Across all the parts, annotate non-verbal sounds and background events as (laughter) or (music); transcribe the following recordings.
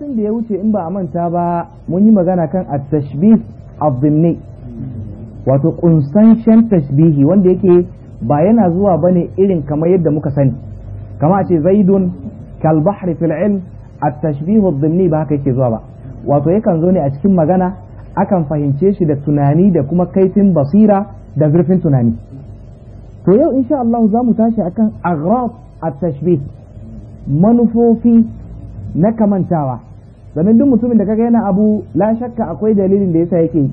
tun da ya wuce in ba a manta ba mun yi magana kan a tashbih azimni wato kunsanshen tashbihi wanda yake ba yana zuwa bane irin kamar yadda muka sani kama a ce zaidun kalbahri fil'il a ilm azimni ba haka yake zuwa ba wato yakan zo ne a cikin magana akan fahimce shi da tunani da kuma kaifin basira da zurfin tunani to yau insha Allah za mu tashi akan agraf a tashbih manufofi na kamantawa sannan duk mutumin da kaga yana abu la shakka akwai dalilin da yasa yake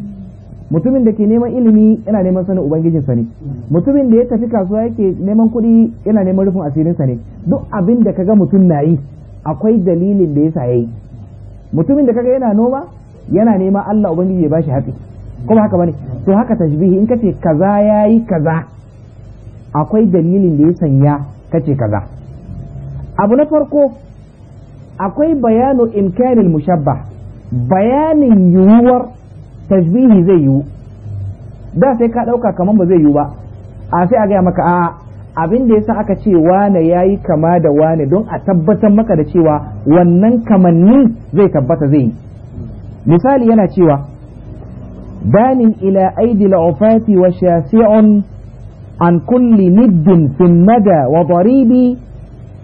mutumin da ke neman ilimi yana neman sanin ubangijin sa ne mutumin da ya tafi kasuwa yake neman kuɗi yana neman rufin asirin sa ne duk abin da kaga mutum na yi akwai dalilin da yasa yayi mutumin da kaga yana noma yana neman Allah ubangiji ya bashi haƙi kuma haka bane to haka tashbihi in kace kaza yayi kaza akwai dalilin da ya sanya kace kaza abu na farko akwai bayanu imkanil mushabbah bayanin yiwuwar tasbihi zai yiwu da sai ka ɗauka kamar ba zai yiwu ba a sai a gaya maka a abin da yasa aka ce wane yayi kama da wane don a tabbatar maka da cewa wannan kamannin zai tabbata zai yi misali yana cewa banin ila aidi la'ufati wa shasi'un an kulli niddin fin mada wa daribi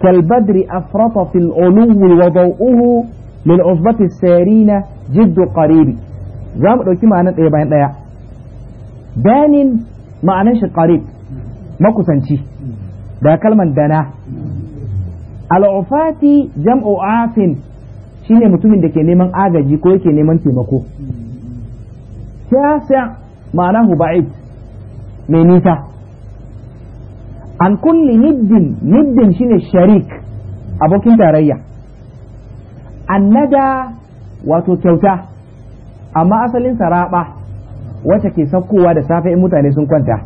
كالبدر أفرط في العلو وضوءه للعصبة السارين جد قريب زام دوكي معنى ايه باين دايا دان معنى شي قريب ما كسانشي دا كلمة دانا العفاتي جمع عاف shine mutumin da ke neman agaji ko yake neman taimako. Kyasa ma'ana huba'id mai nisa. an kulli niddin niddin shine sharik abokin tarayya annada wato kyauta amma asalin saraba wacce ke saukowa da safe in mutane sun kwanta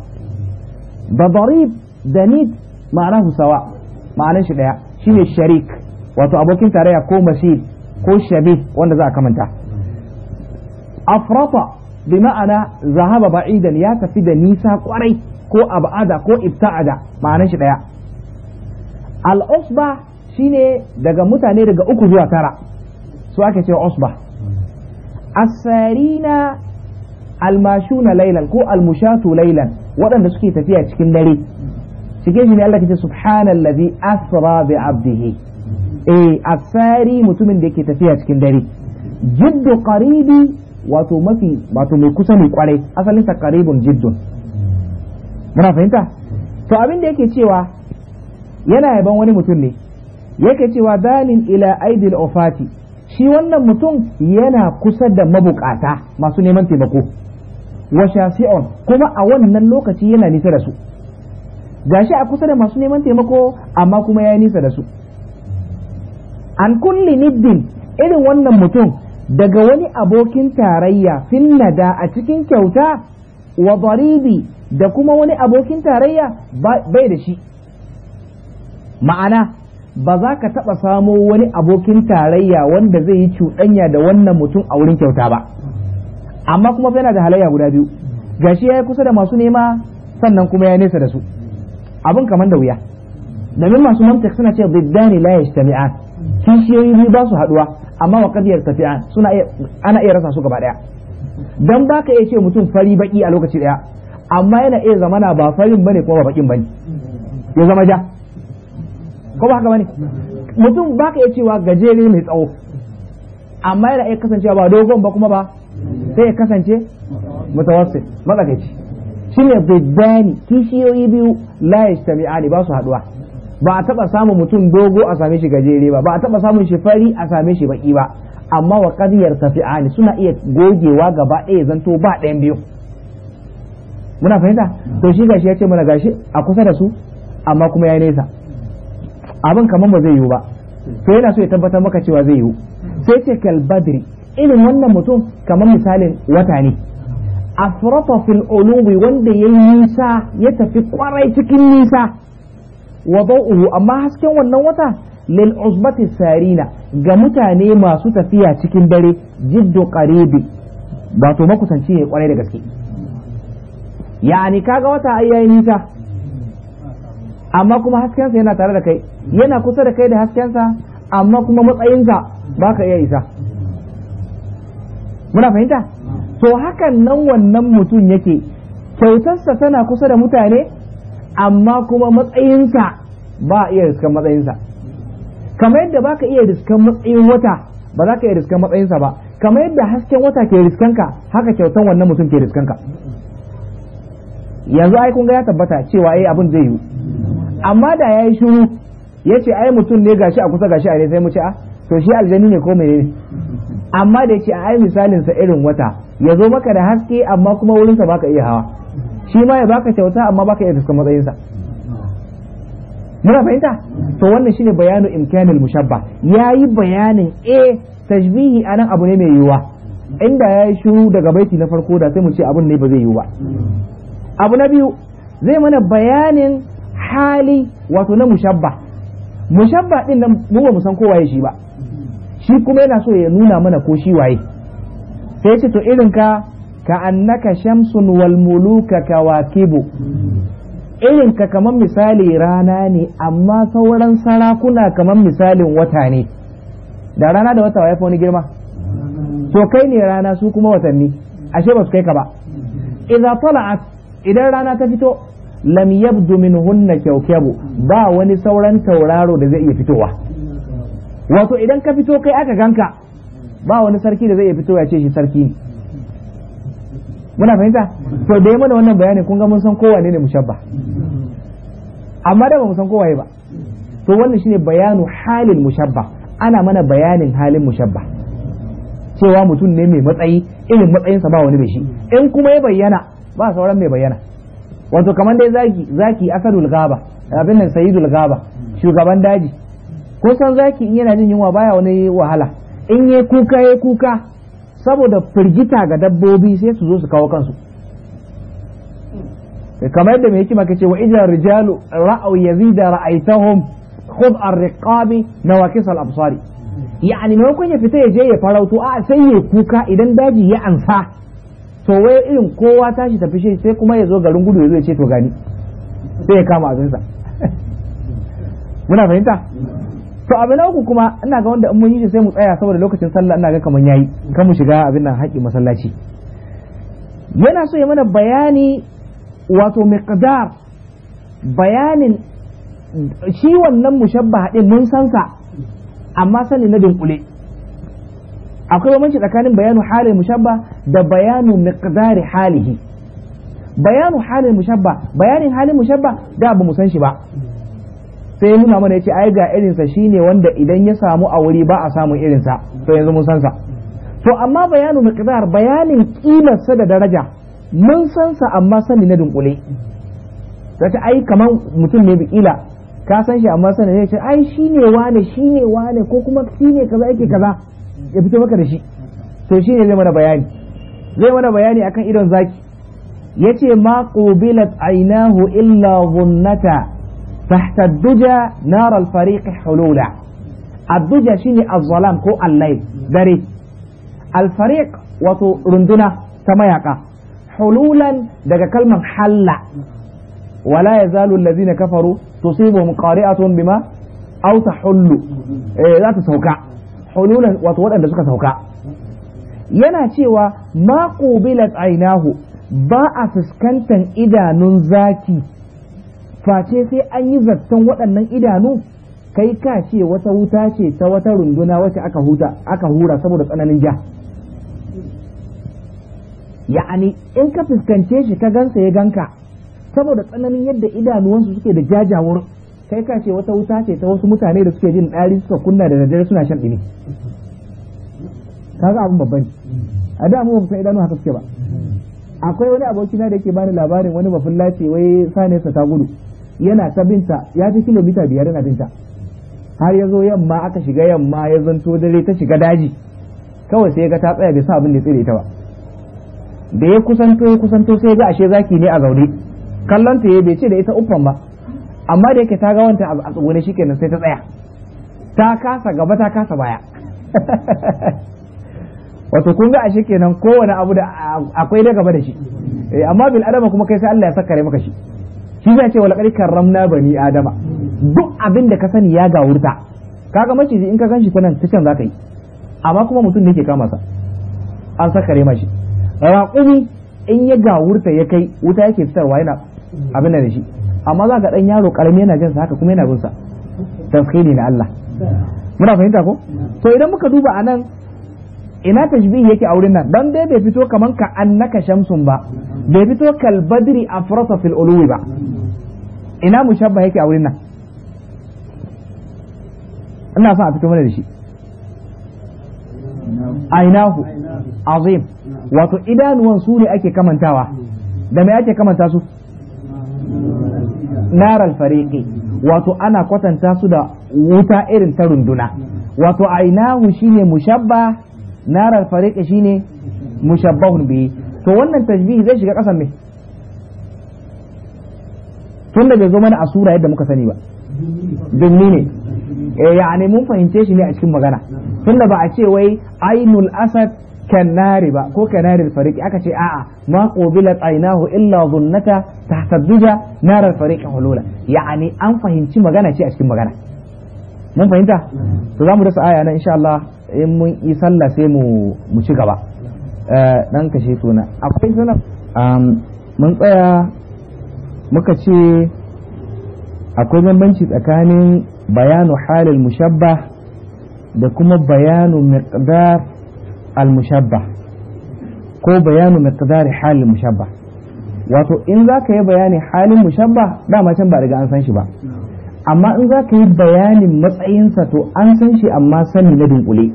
da darib da nid ma'ana husawa ma'anar shi daya shine sharik wato abokin tarayya ko mashi ko shabi wanda za a kamanta afrata bi ma'ana zahaba ba'idan ya tafi da nisa kwarai ko ab'ada ko ibta'ada ma'anar shi daya al-usba shine daga mutane daga uku zuwa tara su ake cewa usba asarina almashuna lailan ko almushatu lailan waɗanda suke tafiya cikin dare cikin shi ne Allah kace subhanallazi asra bi abdihi eh asari mutumin da yake tafiya cikin dare jiddu qaribi wato mafi wato mai kusa mai kwarai asalin sa qaribun jiddun muna fahimta to abin da yake cewa yana yaban wani mutum ne yake cewa dalin ila aidil ofati shi wannan mutum yana kusa da mabukata masu neman taimako wa shafi'un kuma a wannan lokaci yana nisa da su gashi a kusa da masu neman taimako amma kuma ya nisa da su an kulli niddin irin wannan mutum daga wani abokin tarayya finnada a cikin kyauta wa daribi da kuma wani abokin tarayya bai da shi ma'ana ba za ka taɓa samo wani abokin tarayya wanda zai yi cuɗanya da wannan mutum a wurin kyauta ba amma kuma yana da halayya guda biyu gashi ya yi kusa da masu nema sannan kuma ya nesa da su abin kamar da wuya domin masu mantik suna ce ziddani la yajtami'an kishiyoyi biyu ba su haɗuwa amma wa kadiyar tafiya. ana iya rasa su gaba ɗaya dan baka iya ce mutum fari baki a lokaci ɗaya amma yana iya zamana ba farin bane kuma ba bakin bane ya zama ja ko ba haka bane mutum baka iya cewa gajere mai tsawo amma yana iya kasancewa ba dogon ba kuma ba sai ya kasance mutawassit matsakaici shine bidani kishiyoyi biyu la yastami'ani ba su haduwa ba a taba samun mutum dogo a same shi gajere ba ba a taba samun shi fari a same shi baki ba amma wa qadiyar tafi'ani suna iya gogewa gaba ɗaya zanto ba ɗayan biyu muna fahimta to shi gashi ya ce mana gashi a kusa da su amma kuma ya nesa abin kamar ba zai yiwu ba to yana so ya tabbatar maka cewa zai yiwu sai ce kal badri irin wannan mutum kamar misalin wata ne afrata fil ulubi wanda ya nisa ya tafi kwarai cikin nisa wa bau'uhu amma hasken wannan wata lil uzbati sarina ga mutane masu tafiya cikin dare jiddu qaribi to makusanci ya kwarai da gaske yani kaga wata ai yayi nisa amma kuma haskensa yana tare da kai yana kusa da kai da haskensa amma kuma matsayin ba ka iya isa muna fahimta to hakan nan wannan mutum yake kyautarsa tana kusa da mutane amma kuma matsayinsa ba iya riskan matsayinsa kamar yadda ba ka iya riskan matsayin wata ba za ka iya riskan matsayinsa ba kamar yadda hasken wata ke riskanka haka kyautan wannan mutum ke riskanka yanzu ai kun ga ya tabbata cewa eh abin zai yi amma da yayi shiru yace ai mutum ne gashi a kusa gashi a ne sai mu ce a ah, to shi aljani ne ko menene amma da yace ai misalin sa irin wata ya zo maka da haske amma kuma wurin sa baka iya hawa shi ma ya baka kyauta amma baka iya fuskar matsayin sa muna fahimta to wannan shine bayanu imkanil mushabba yayi bayanin eh tashbihi anan abu ne mai yiwuwa inda yayi shiru daga baiti na farko da sai mu ce abun ne ba zai yiwu ba abu na biyu zai mana bayanin hali wato na mushabba mushabba din nan mu ba mu san kowaye shi ba shi kuma yana so ya nuna mana ko shi waye sai ce to irin ka ka annaka shamsun wal muluka kawakibu irin ka kamar misali rana ne amma sauran sarakuna kamar misalin wata ne da rana da wata fi wani girma to kai ne rana su kuma watanni ashe ba su kai ka ba idza tala'at idan rana ta fito lam yabdu min hunna kyaukyabu ba wani sauran tauraro da zai iya fitowa wato idan ka fito kai aka ganka ba wani sarki da zai iya fitowa ya ce shi sarki ne muna fahimta to da yi mana wannan bayani kun ga mun san kowa ne mushabba amma da ba mu san kowa ba to wannan shine bayanu halin mushabba ana mana bayanin halin mushabba cewa mutum ne mai matsayi irin matsayinsa ba wani da shi in kuma ya bayyana ba sauran mai bayyana wato kamar dai zaki zaki asadul gaba abin nan sayidul gaba shugaban daji ko san zaki in yana jin yunwa baya wani wahala in yayi kuka yayi kuka saboda firgita ga dabbobi sai su zo su kawo kansu kamar yadda mai hikima kace wa idan rijalu ra'aw yazida ra'aitahum khud ar-riqabi nawakis al-absari yani maimakon ya fita ya je ya farautu a sai ya kuka idan daji ya ansa to wai irin kowa tashi tafi shi sai kuma ya zo garin gudu ya zo ya ce to gani sai ya kama abinsa muna fahimta to abu na uku kuma ina ga wanda in mun yi shi sai mu tsaya saboda lokacin sallah ina ga kamar yayi kan mu shiga abin nan haƙi masallaci yana so ya mana bayani wato miqdar bayanin shi wannan mushabba din mun san sa amma sani na dunkule akwai bambanci tsakanin bayanu halin mushabba da bayanu miqdari halihi bayanu halin mushabba bayanin halin mushabba da ba mu san shi ba sai nuna mana yace ai ga irin sa shine wanda idan ya samu a wuri ba a samu irin sa to yanzu mun san sa to amma bayanu miqdar bayanin kimar sa da daraja mun san sa amma sani na dunkule zata ai kaman mutum ne bikila ka san shi amma sani ne ce ai shine wane shine wane ko kuma shine kaza yake kaza ya fito maka da shi to shi ne zai mana bayani zai mana bayani akan idon zaki ya ce ma ƙubilat ainahu illa zunnata tahta duja nar alfariq hulula adduja shine azzalam ko allai dare alfariq wato runduna ta mayaka hululan daga kalman halla wala yazalu allazina kafaru tusibuhum qari'atun bima aw tahullu eh, za ta sauka hululan wato waɗanda suka sauka yana cewa ma qubilat ainahu ba a fuskantan idanun zaki face sai an yi zaton waɗannan idanu kai ka ce wata wuta ce ta wata runduna wacce aka huta aka hura saboda tsananin ja ya'ani in ka fuskance shi ka gansa ya ganka saboda tsananin yadda idanuwansu suke da jajawar kai ka ce wata wuta ce ta wasu mutane da suke jin ɗari suka kunna da daddare suna shan ɗini kaga abin babban a da mu ba san idanu haka suke ba akwai wani abokina da yake bani labarin wani bafin lace wai sa ta gudu yana ta binta ya fi kilomita biyar yana binta har ya zo yamma aka shiga yamma ya zanto dare ta shiga daji kawai sai ga ta tsaya bai sa abin da tsire ta ba da ya kusanto ya kusanto sai ga ashe zaki ne a zaune kallon ta ya bai ce da ita uffan ba amma da yake ta ga wanta a tsugune shi kenan sai ta tsaya ta kasa gaba ta kasa baya (laughs) wato kun ga ashe kenan kowane abu da akwai da gaba da shi eh, amma bil adama kuma kai sai Allah ya sakare maka shi shi zai ce walaqad karramna bani adama duk abin da ka sani ya gawurta kaga maciji in ka ganshi ta nan ta can zaka yi amma kuma mutum ne ke kama sa an sakare mashi raƙumi in ya gawurta ya kai wuta yake fitarwa yana abin da shi amma za ka ɗan yaro ƙarami yana jinsa haka kuma yana binsa sa na Allah muna fahimta ko to idan muka duba anan ina tashbihi yake a wurin nan dan dai bai fito kaman ka annaka shamsun ba bai fito kal badri afrasa fil ulwi ba ina mushabba yake a wurin nan ina son a fito mana da shi ainahu azim wato idanuwan su ne ake kamantawa da mai ake kamanta su naral fariqi wato ana kwatanta su da wuta irin ta runduna wato ainahu shine mushabba naral fariqi shine mushabbahun bi to wannan tajbihi zai shiga kasan me tunda bai zo mana a sura yadda muka sani ba dummi ne eh yani mun fahimce shi ne a cikin magana tunda ba a ce wai ainul asad kannari ba ko kanari fariki aka ce a'a ma qubilat aynahu illa zunnata tahta duja narar fariki hulula yani an fahimci magana ce a cikin magana mun fahimta to zamu dasa aya nan insha Allah in mun yi sallah sai mu mu ci gaba dan kashe tona akwai mun tsaya muka ce akwai bambanci tsakanin bayanu halil mushabbah da kuma bayanu miqdar al ko bayanu miqdari halin mushabbah wato in za ka yi bayani halin mushabbah dama can ba riga an san shi ba amma in za ka yi bayanin matsayinsa to an san shi amma sani na dunkule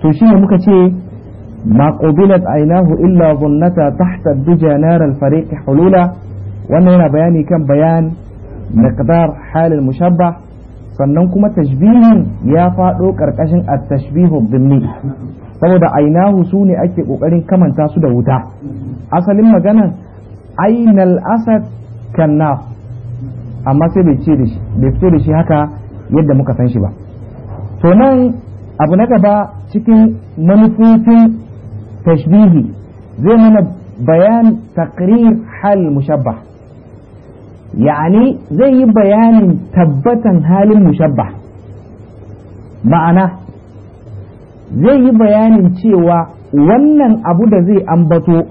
to shi ne muka ce ma qubilat ainahu illa zunnata tahta duja nar al fariq hulula wannan yana bayani kan bayan miqdar halin mushabbah sannan kuma tashbihin ya faɗo ƙarƙashin at-tashbihu dhimmi saboda ainahu su ne ake kokarin kamanta su da wuta asalin maganan ainal asad kanna amma sai bai ce bai fito da shi haka yadda muka san shi ba to nan abu na gaba cikin manufofin tashbihi zai mana bayan takrir hal mushabbah ya'ani zai yi bayanin tabbatan halin mushabbah ma'ana zai yi bayanin cewa wannan abu da zai ambato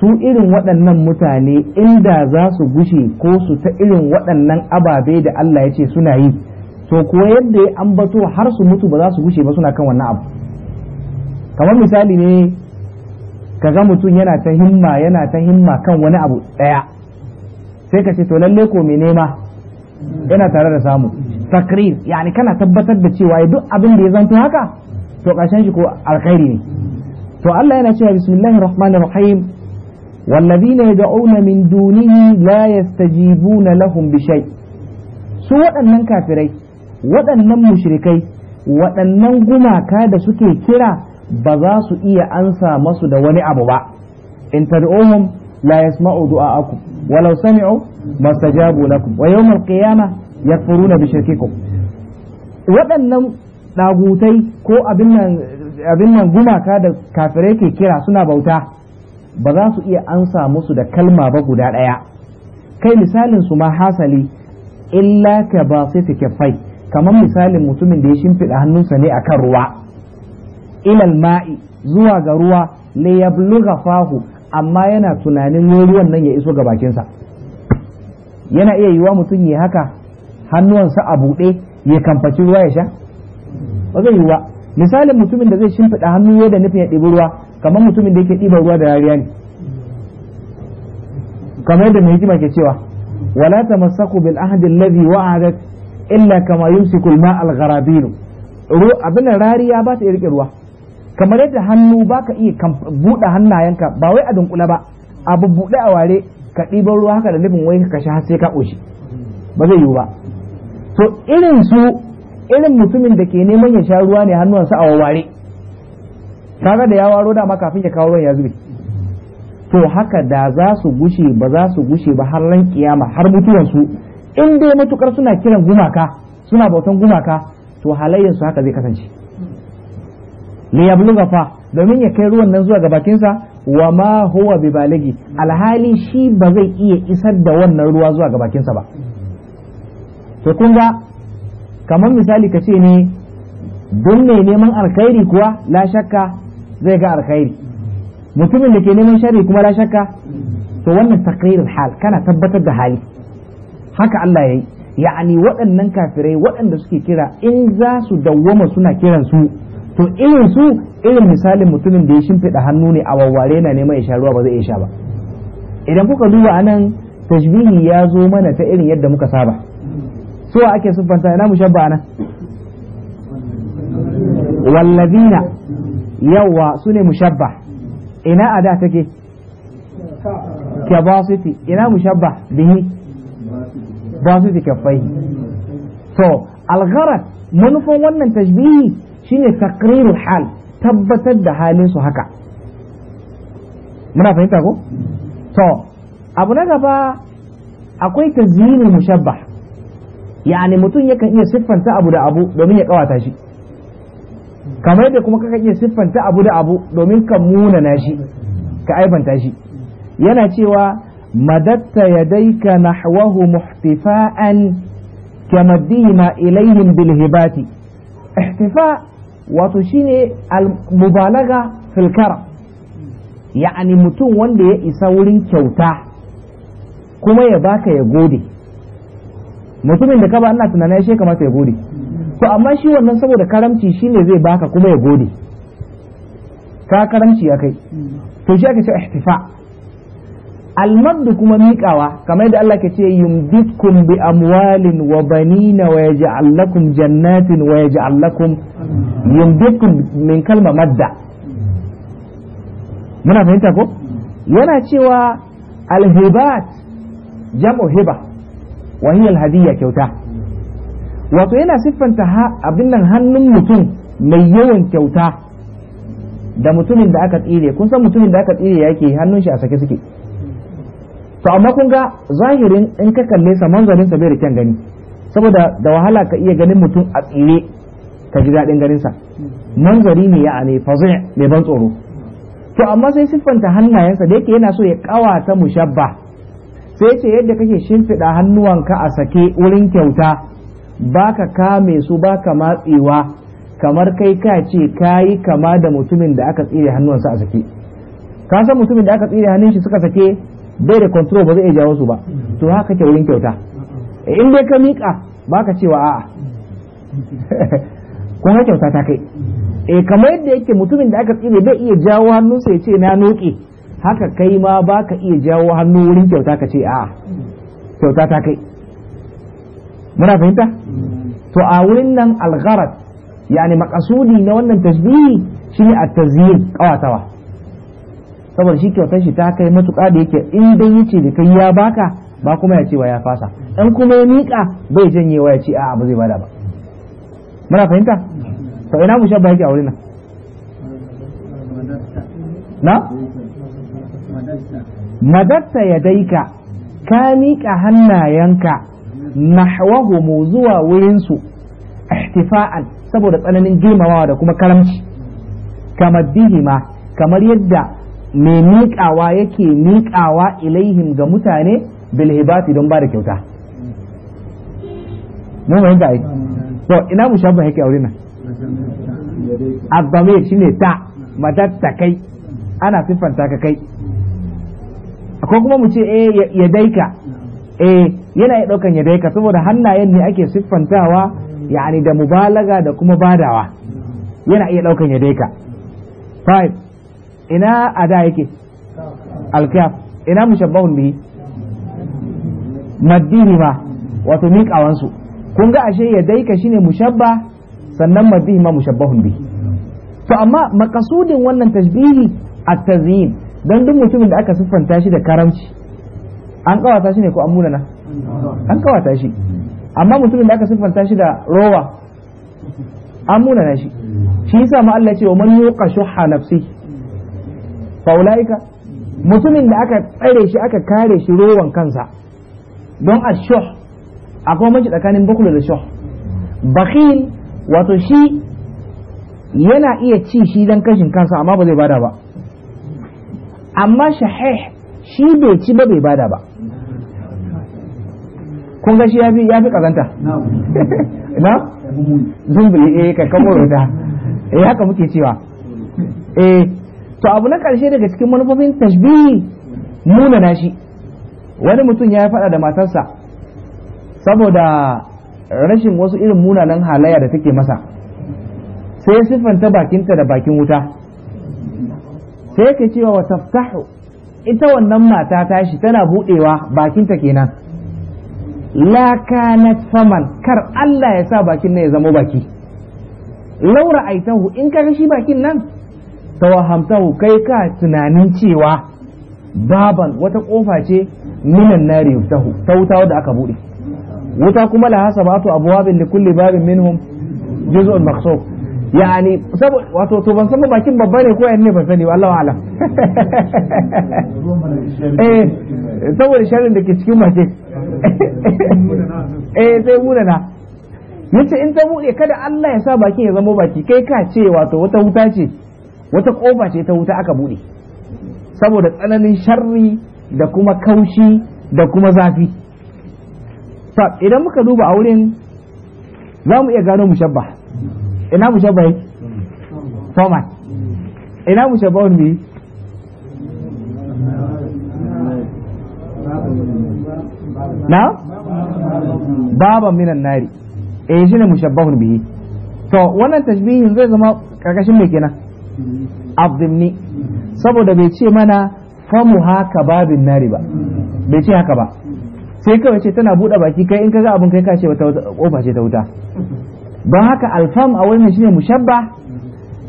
su irin waɗannan mutane inda za su gushe ko su ta irin waɗannan ababe da Allah ya ce suna yi to kuwa yadda ya ambato har su mutu ba za su gushe ba suna kan wannan abu kamar misali ne ka ga mutum yana ta himma yana ta himma kan wani abu ɗaya sai ka ce to lalle ko me nema yana tare da samu takrir yani kana tabbatar da cewa duk abin da ya zanto haka to ƙarshen shi ko alkhairi ne to Allah yana cewa bismillahir rahmanir rahim والذين يدعون من دونه لا يستجيبون لهم بشيء su waɗannan kafirai waɗannan mushrikai waɗannan gumaka da suke kira ba za su iya ansa masu da wani abu ba in tad'uhum la yasma'u du'a'akum walau sami'u mastajabu lakum wa yawmal qiyamah yakfuruna bi shirkikum waɗannan ɗagutai ko abin nan gumaka da kafirai ke kira suna bauta ba za su iya ansa musu da kalma ba guda ɗaya kai misalin su ma hasali illa ka ba sai ta kafai kamar misalin mutumin da ya shimfiɗa hannunsa ne a kan ruwa ilal ma'i zuwa ga ruwa le ya fahu amma yana tunanin ruwan nan ya iso ga bakinsa yana iya yiwa mutum ya haka hannuwansa a buɗe ya kamfaci ruwa ya sha ba zai yiwuwa misalin mutumin da zai shimfiɗa hannu yadda nufin ya ɗibi ruwa kamar mutumin da yake ɗiba ruwa da rariya ne kamar yadda mai hikima ke cewa wala tamassaku bil ahdi alladhi wa'adat illa kama yumsiku al-ma' al-gharabin abin rariya ba ta rike ruwa kamar yadda hannu baka iya buɗe hannayenka ba wai a dunkula ba a buɗe a ware ka ɗiban ruwa haka da nufin wai ka har sai ka ƙoshi ba zai yiwu ba to irin su irin mutumin da ke neman ya sha ruwa ne hannuwansa a waware kaga da ya waro dama kafin ya kawo ruwan ya zube to haka da za su gushe ba za su gushe ba har ran kiyama har mutuwan su in dai matukar suna kiran gumaka suna bautan gumaka to halayyarsu haka zai kasance li yablugha fa domin ya kai ruwan nan zuwa ga bakinsa wa ma huwa bi alhali shi ba zai iya isar da wannan ruwa zuwa ga bakinsa ba to kun ga kamar misali ka ce ne don mai neman alkhairi kuwa la shakka zai ga alkhairi mutumin da ke neman shari kuma la shakka to wannan takrirul hal kana tabbatar da hali haka Allah yayi ya'ani waɗannan kafirai waɗanda suke kira in za su dawwama suna kiran su to irin su irin misalin mutumin da ya shimfiɗa hannu ne a wawware na neman ya sha ruwa ba zai iya sha ba idan kuka duba anan tashbihi ya zo mana ta irin yadda muka saba suwa ake siffanta ina mushabba nan wallazina yawa su ne mushabba ina ada take kabasiti ina mushabba bihi basiti kaffai to algharat manufan wannan tashbihi shine taqrirul hal tabbatar da halin su haka muna fahimta ko to abu na gaba akwai tazyinul mushabbah yani mutum yakan iya siffanta abu da abu domin ya kawata shi kamar yadda kuma kakan iya siffanta abu da abu domin ka munana shi ka aibanta shi yana cewa madatta yadaika nahwahu muhtifa'an kamaddima ilaihim bil hibati ihtifa wato shine al mubalaga fil ya'ani mutum wanda ya isa wurin kyauta kuma ya baka ya gode mutumin da ka ba ina tunanin ya sheka masa ya gode to amma shi wannan saboda karamci shine zai baka kuma ya gode ka karamci ya kai to shi ake ce ihtifa almad kuma miƙawa kamar yadda Allah ke ce yumditkum bi amwalin wa banina wa yaj'al lakum jannatin wa yaj'al lakum yumditkum min kalma madda muna fahimta ko yana cewa alhibat jam'u hiba wa hiya kyauta wato yana siffanta abin nan hannun mutum mai yawan kyauta da mutumin da aka tsire kun san mutumin da aka tsire yake hannun shi a sake suke to amma kun ga zahirin in ka kalle sa manzarin sa bai da kyan gani saboda da wahala ka iya ganin mutum a tsire ka ji daɗin ganin sa manzari ne ya ne fazai mai ban tsoro to amma sai siffanta hannayensa da yake yana so ya kawata mushabba sai ce yadda kake shimfiɗa hannuwanka a sake wurin kyauta ba ka kame su ba ka matsewa kamar kai ka ce ka yi kama da mutumin da aka tsire hannuwansa a sake ka san mutumin da aka tsire hannun shi suka sake bai da control ba zai iya jawo su ba to haka ke wurin kyauta eh, in dai ka miƙa ka cewa a'a (laughs) kuma kyauta ta kai eh kamar yadda yake mutumin da aka tsire bai iya jawo hannunsa ya ce na noke haka kai ma ba ka iya jawo hannu wurin kyauta ka ce a kyauta ta kai muna fahimta to a wurin nan algharat yani makasudi na wannan tasbihi shine a tazyin kawatawa saboda shi kyautar shi ta kai matuƙa da yake in dai yace da kai ya baka ba kuma ya ce wa ya fasa dan kuma ya mika bai janye wa ya ce a'a ba zai bada ba muna fahimta to ina mushabba yake a wurin nan na madatta ya daika ka miƙa hannayenka nahwahumu zuwa wurinsu ihtifa'an saboda tsananin girmamawa da kuma karamci kamar dihima kamar yadda mai miƙawa yake miƙawa ilaihim ga mutane bilhibati don ba da kyauta mun fahimta dai to ina mu shabba yake aure nan mai shine ta madatta kai ana siffanta ka kai ko kuma mu ce eh ya daika eh yana ya daukan ya daika saboda hannayen ne ake siffantawa yani da mubalaga da kuma badawa yana iya daukan ya daika five ina ada yake alkaf ina mushabbahun bihi maddihi ma wato su kun ga ashe ya daika shine mushabba sannan maddihi ma mushabbahun bihi to amma makasudin wannan tashbihi at-tazyin don duk mutumin da aka siffanta shi da karamci an kawata shi ne ko an munana an kawata shi amma mutumin da aka siffanta shi da rowa an munana shi shi yasa ma Allah ce wa man yuqa shuhha nafsi fa ulaika mutumin da aka tsare shi aka kare shi rowan kansa don ashuh akwai manci tsakanin bakul da shuh bakhil wato shi yana iya ci shi dan kashin kansa amma ba zai bada ba amma shahih shi bai ci ba bai bada ba kun ga shi ya fi kazanta (laughs) na zumbuli eh kai kamo rubuta (laughs) eh haka muke cewa eh to abu na karshe daga cikin manufofin tashbihi nuna na shi wani mutum ya faɗa da matarsa saboda rashin wasu irin munanan halayya da take masa sai siffanta bakinta da bakin wuta sai yake cewa wa tafkahu ita wannan mata tashi tana buɗewa bakinta kenan la kanat faman kar Allah ya sa bakin nan ya zama baki laura aitahu in ka shi bakin nan ta tawahamtahu kai ka tunanin cewa baban wata kofa ce minan nari yuftahu ta wuta da aka bude wuta kuma la hasabatu abwabin li kulli babin minhum juz'un maqsuq yani wato to ban san bakin babba ne ko yanne ban sani wallahi alam (laughs) eh saboda sharrin da ke cikin mace (laughs) eh sai muna na yace in ta bude kada Allah ya sa bakin ya zama baki kai ka ce wato wata wuta ce wata kofa ce ta wuta aka bude saboda tsananin sharri da kuma kaushi da kuma zafi idan muka duba a wurin za mu iya gano mushabba ina mu shabba yi format ina mu shabba wani na baban minan nari eh shine wani bihi to wannan tashbihin zai zama karkashin mai kenan abdimni saboda bai ce mana famu haka babin nari ba bai ce haka ba sai kawai ce tana buɗe baki kai in kaga abin kai kashe wata ƙofa ce ta wuta don haka alfam a wannan shine mushabba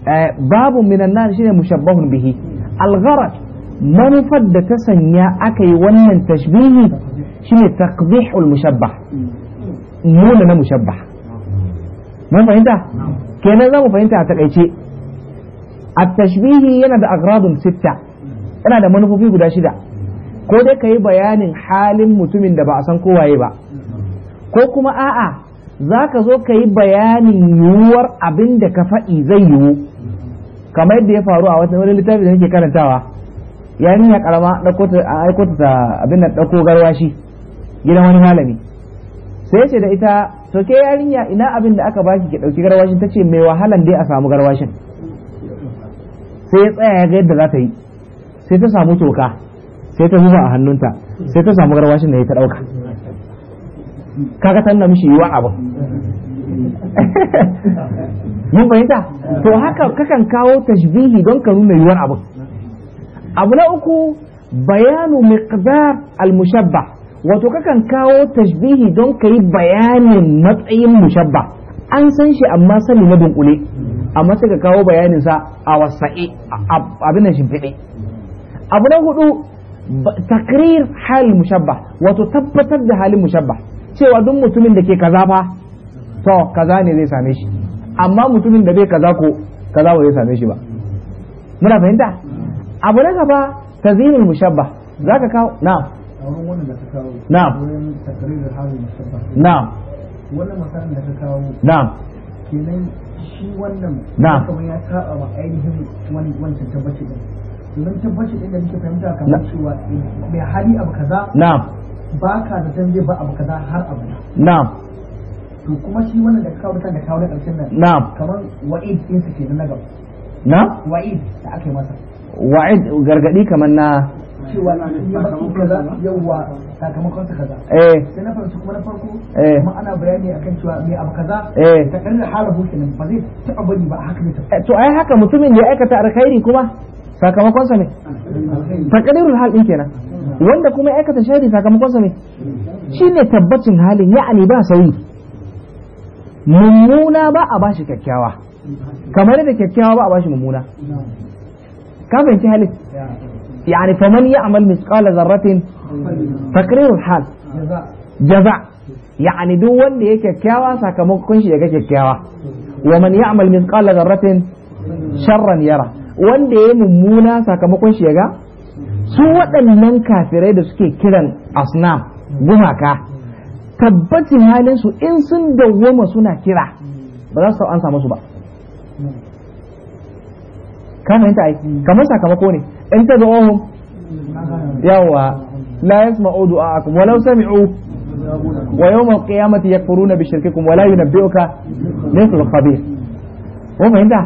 eh, babu minan nan shine mushabbahun bihi algharat manufar da ta sanya aka yi wannan tashbihi shine taqbihul mushabbah nuna na mushabbah mun fahimta kenan za mu fahimta a takaice at-tashbihi yana da agradun sitta yana da manufofi guda shida ko dai ka yi bayanin halin mutumin da ba a san kowaye ba ko kuma a'a za ka zo ka yi bayanin yiwuwar abin da ka faɗi zai yiwu kamar yadda ya faru a wata wani littafi da nake karantawa yayin ya karama a aikota ta abin da ɗauko garwashi gidan wani malami sai ce da ita to ke yarinya ina abin da aka baki ki ɗauki garwashin ta ce mai wahalan dai a samu garwashin sai ya tsaya ya ga yadda za ta yi sai ta samu toka sai ta zuba a hannunta sai ta samu garwashin da ya ta ɗauka kaga sannan mishi yiwa abu mun fahimta to haka kakan kawo tashbihi don ka nuna yiwuwar abu abu na uku bayanu miqdar al-mushabba wato kakan kawo tashbihi don ka yi bayanin matsayin mushabba an san shi amma sani na dunkule amma sai ka kawo bayanin sa a wasa'i abin nan shimfiɗe abu na hudu takrir halin mushabba wato tabbatar da halin mushabba cewa duk mutumin da ke kaza fa to kaza ne zai same shi amma mutumin da bai kaza ko kaza ba zai same shi ba muna fahimta abu na gaba tazinul mushabba zaka kawo Na. Na. Na. wannan misalin da ka kawo Na. kenan shi wannan Na. kuma ya saba ma ainihin wani wancan tabbaci din domin tabbaci din da muke fahimta kamar cewa eh, mai hali abu kaza Na ba ka da canje ba abu kaza har abu. na'am to kuma shi wannan da ka kawo da kawo da karshen nan na'am kamar wa'id din su ke na gaba na'am wa'id da aka yi masa wa'id gargadi kamar na cewa yawa sakamakon sa kaza eh sai na farko kuma na farko eh. kuma ana bayani akan cewa mai abu kaza eh ta karra halahu kenan ba zai taba bari ba haka ne eh, to ai haka mutumin da ya aikata alkhairi kuma sakamakon sa ne taqdirul hal din kenan wanda kuma aikata shari sakamakon sa ne shine tabbacin halin ya'ani ba sauyi mummuna ba a bashi kyakkyawa kamar da kyakkyawa ba a bashi mummuna ka fahimci halin yani faman ya'mal misqala zarratin taqrirul hal jaza yani duk wanda ya kyakkyawa sakamakon shi ya ga kyakkyawa wa man ya'mal misqala zarratin sharran yara wanda ya mummuna sakamakon shi ga su waɗannan kafirai da suke kiran asnam gumaka tabbacin halin su in sun dawwama suna kira ba za su an samu su ba ka fahimta ai kamar sakamako ne in ta ohun. yawa la yasma'u du'a'akum walau sami'u wa yawm al-qiyamati yakfuruna bi shirkikum wa la yunabbi'uka mithlu khabir ko fahimta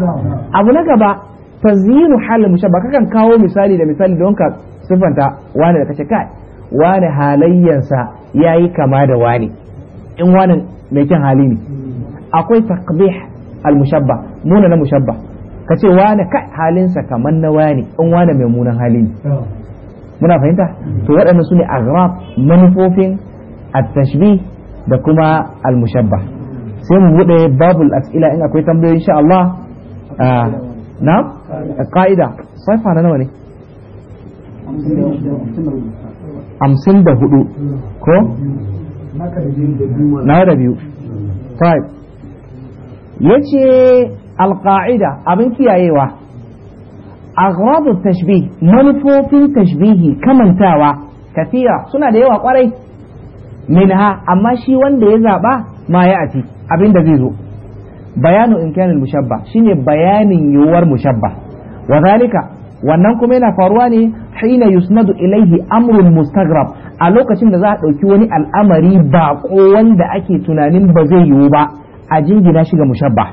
abu na gaba taziru halin mushab kakan kawo misali da misali don ka siffanta wani da kace kai wani halayyansa yayi kama da wani in wani mai kyan hali ne akwai takbih al mushabba muna na mushabba kace wani kai halinsa kamar na wani in wani mai munan hali ne oh. muna fahimta to waɗannan su ne aghrab manufofin at-tashbih da kuma al mushabba sai mu bude babul as'ila in akwai tambayoyi insha Allah ah, na ƙa'ida saifa na nawa ne hamsin da hudu ko na da biyu ya ce alƙa'ida abin kiyayewa aghradu tashbih manufofin tashbihi kamantawa kafiya suna da yawa kwarai minha amma shi wanda ya zaba ma ya ci abin da zai zo bayanu imkanil mushabba shine bayanin yiwuwar mushabba wa zalika wannan kuma yana faruwa ne hina yusnadu ilaihi amrun mustagrab a lokacin da za a ɗauki wani al'amari baƙo wanda ake tunanin ba zai yiwu ba a jingina shi ga mushabba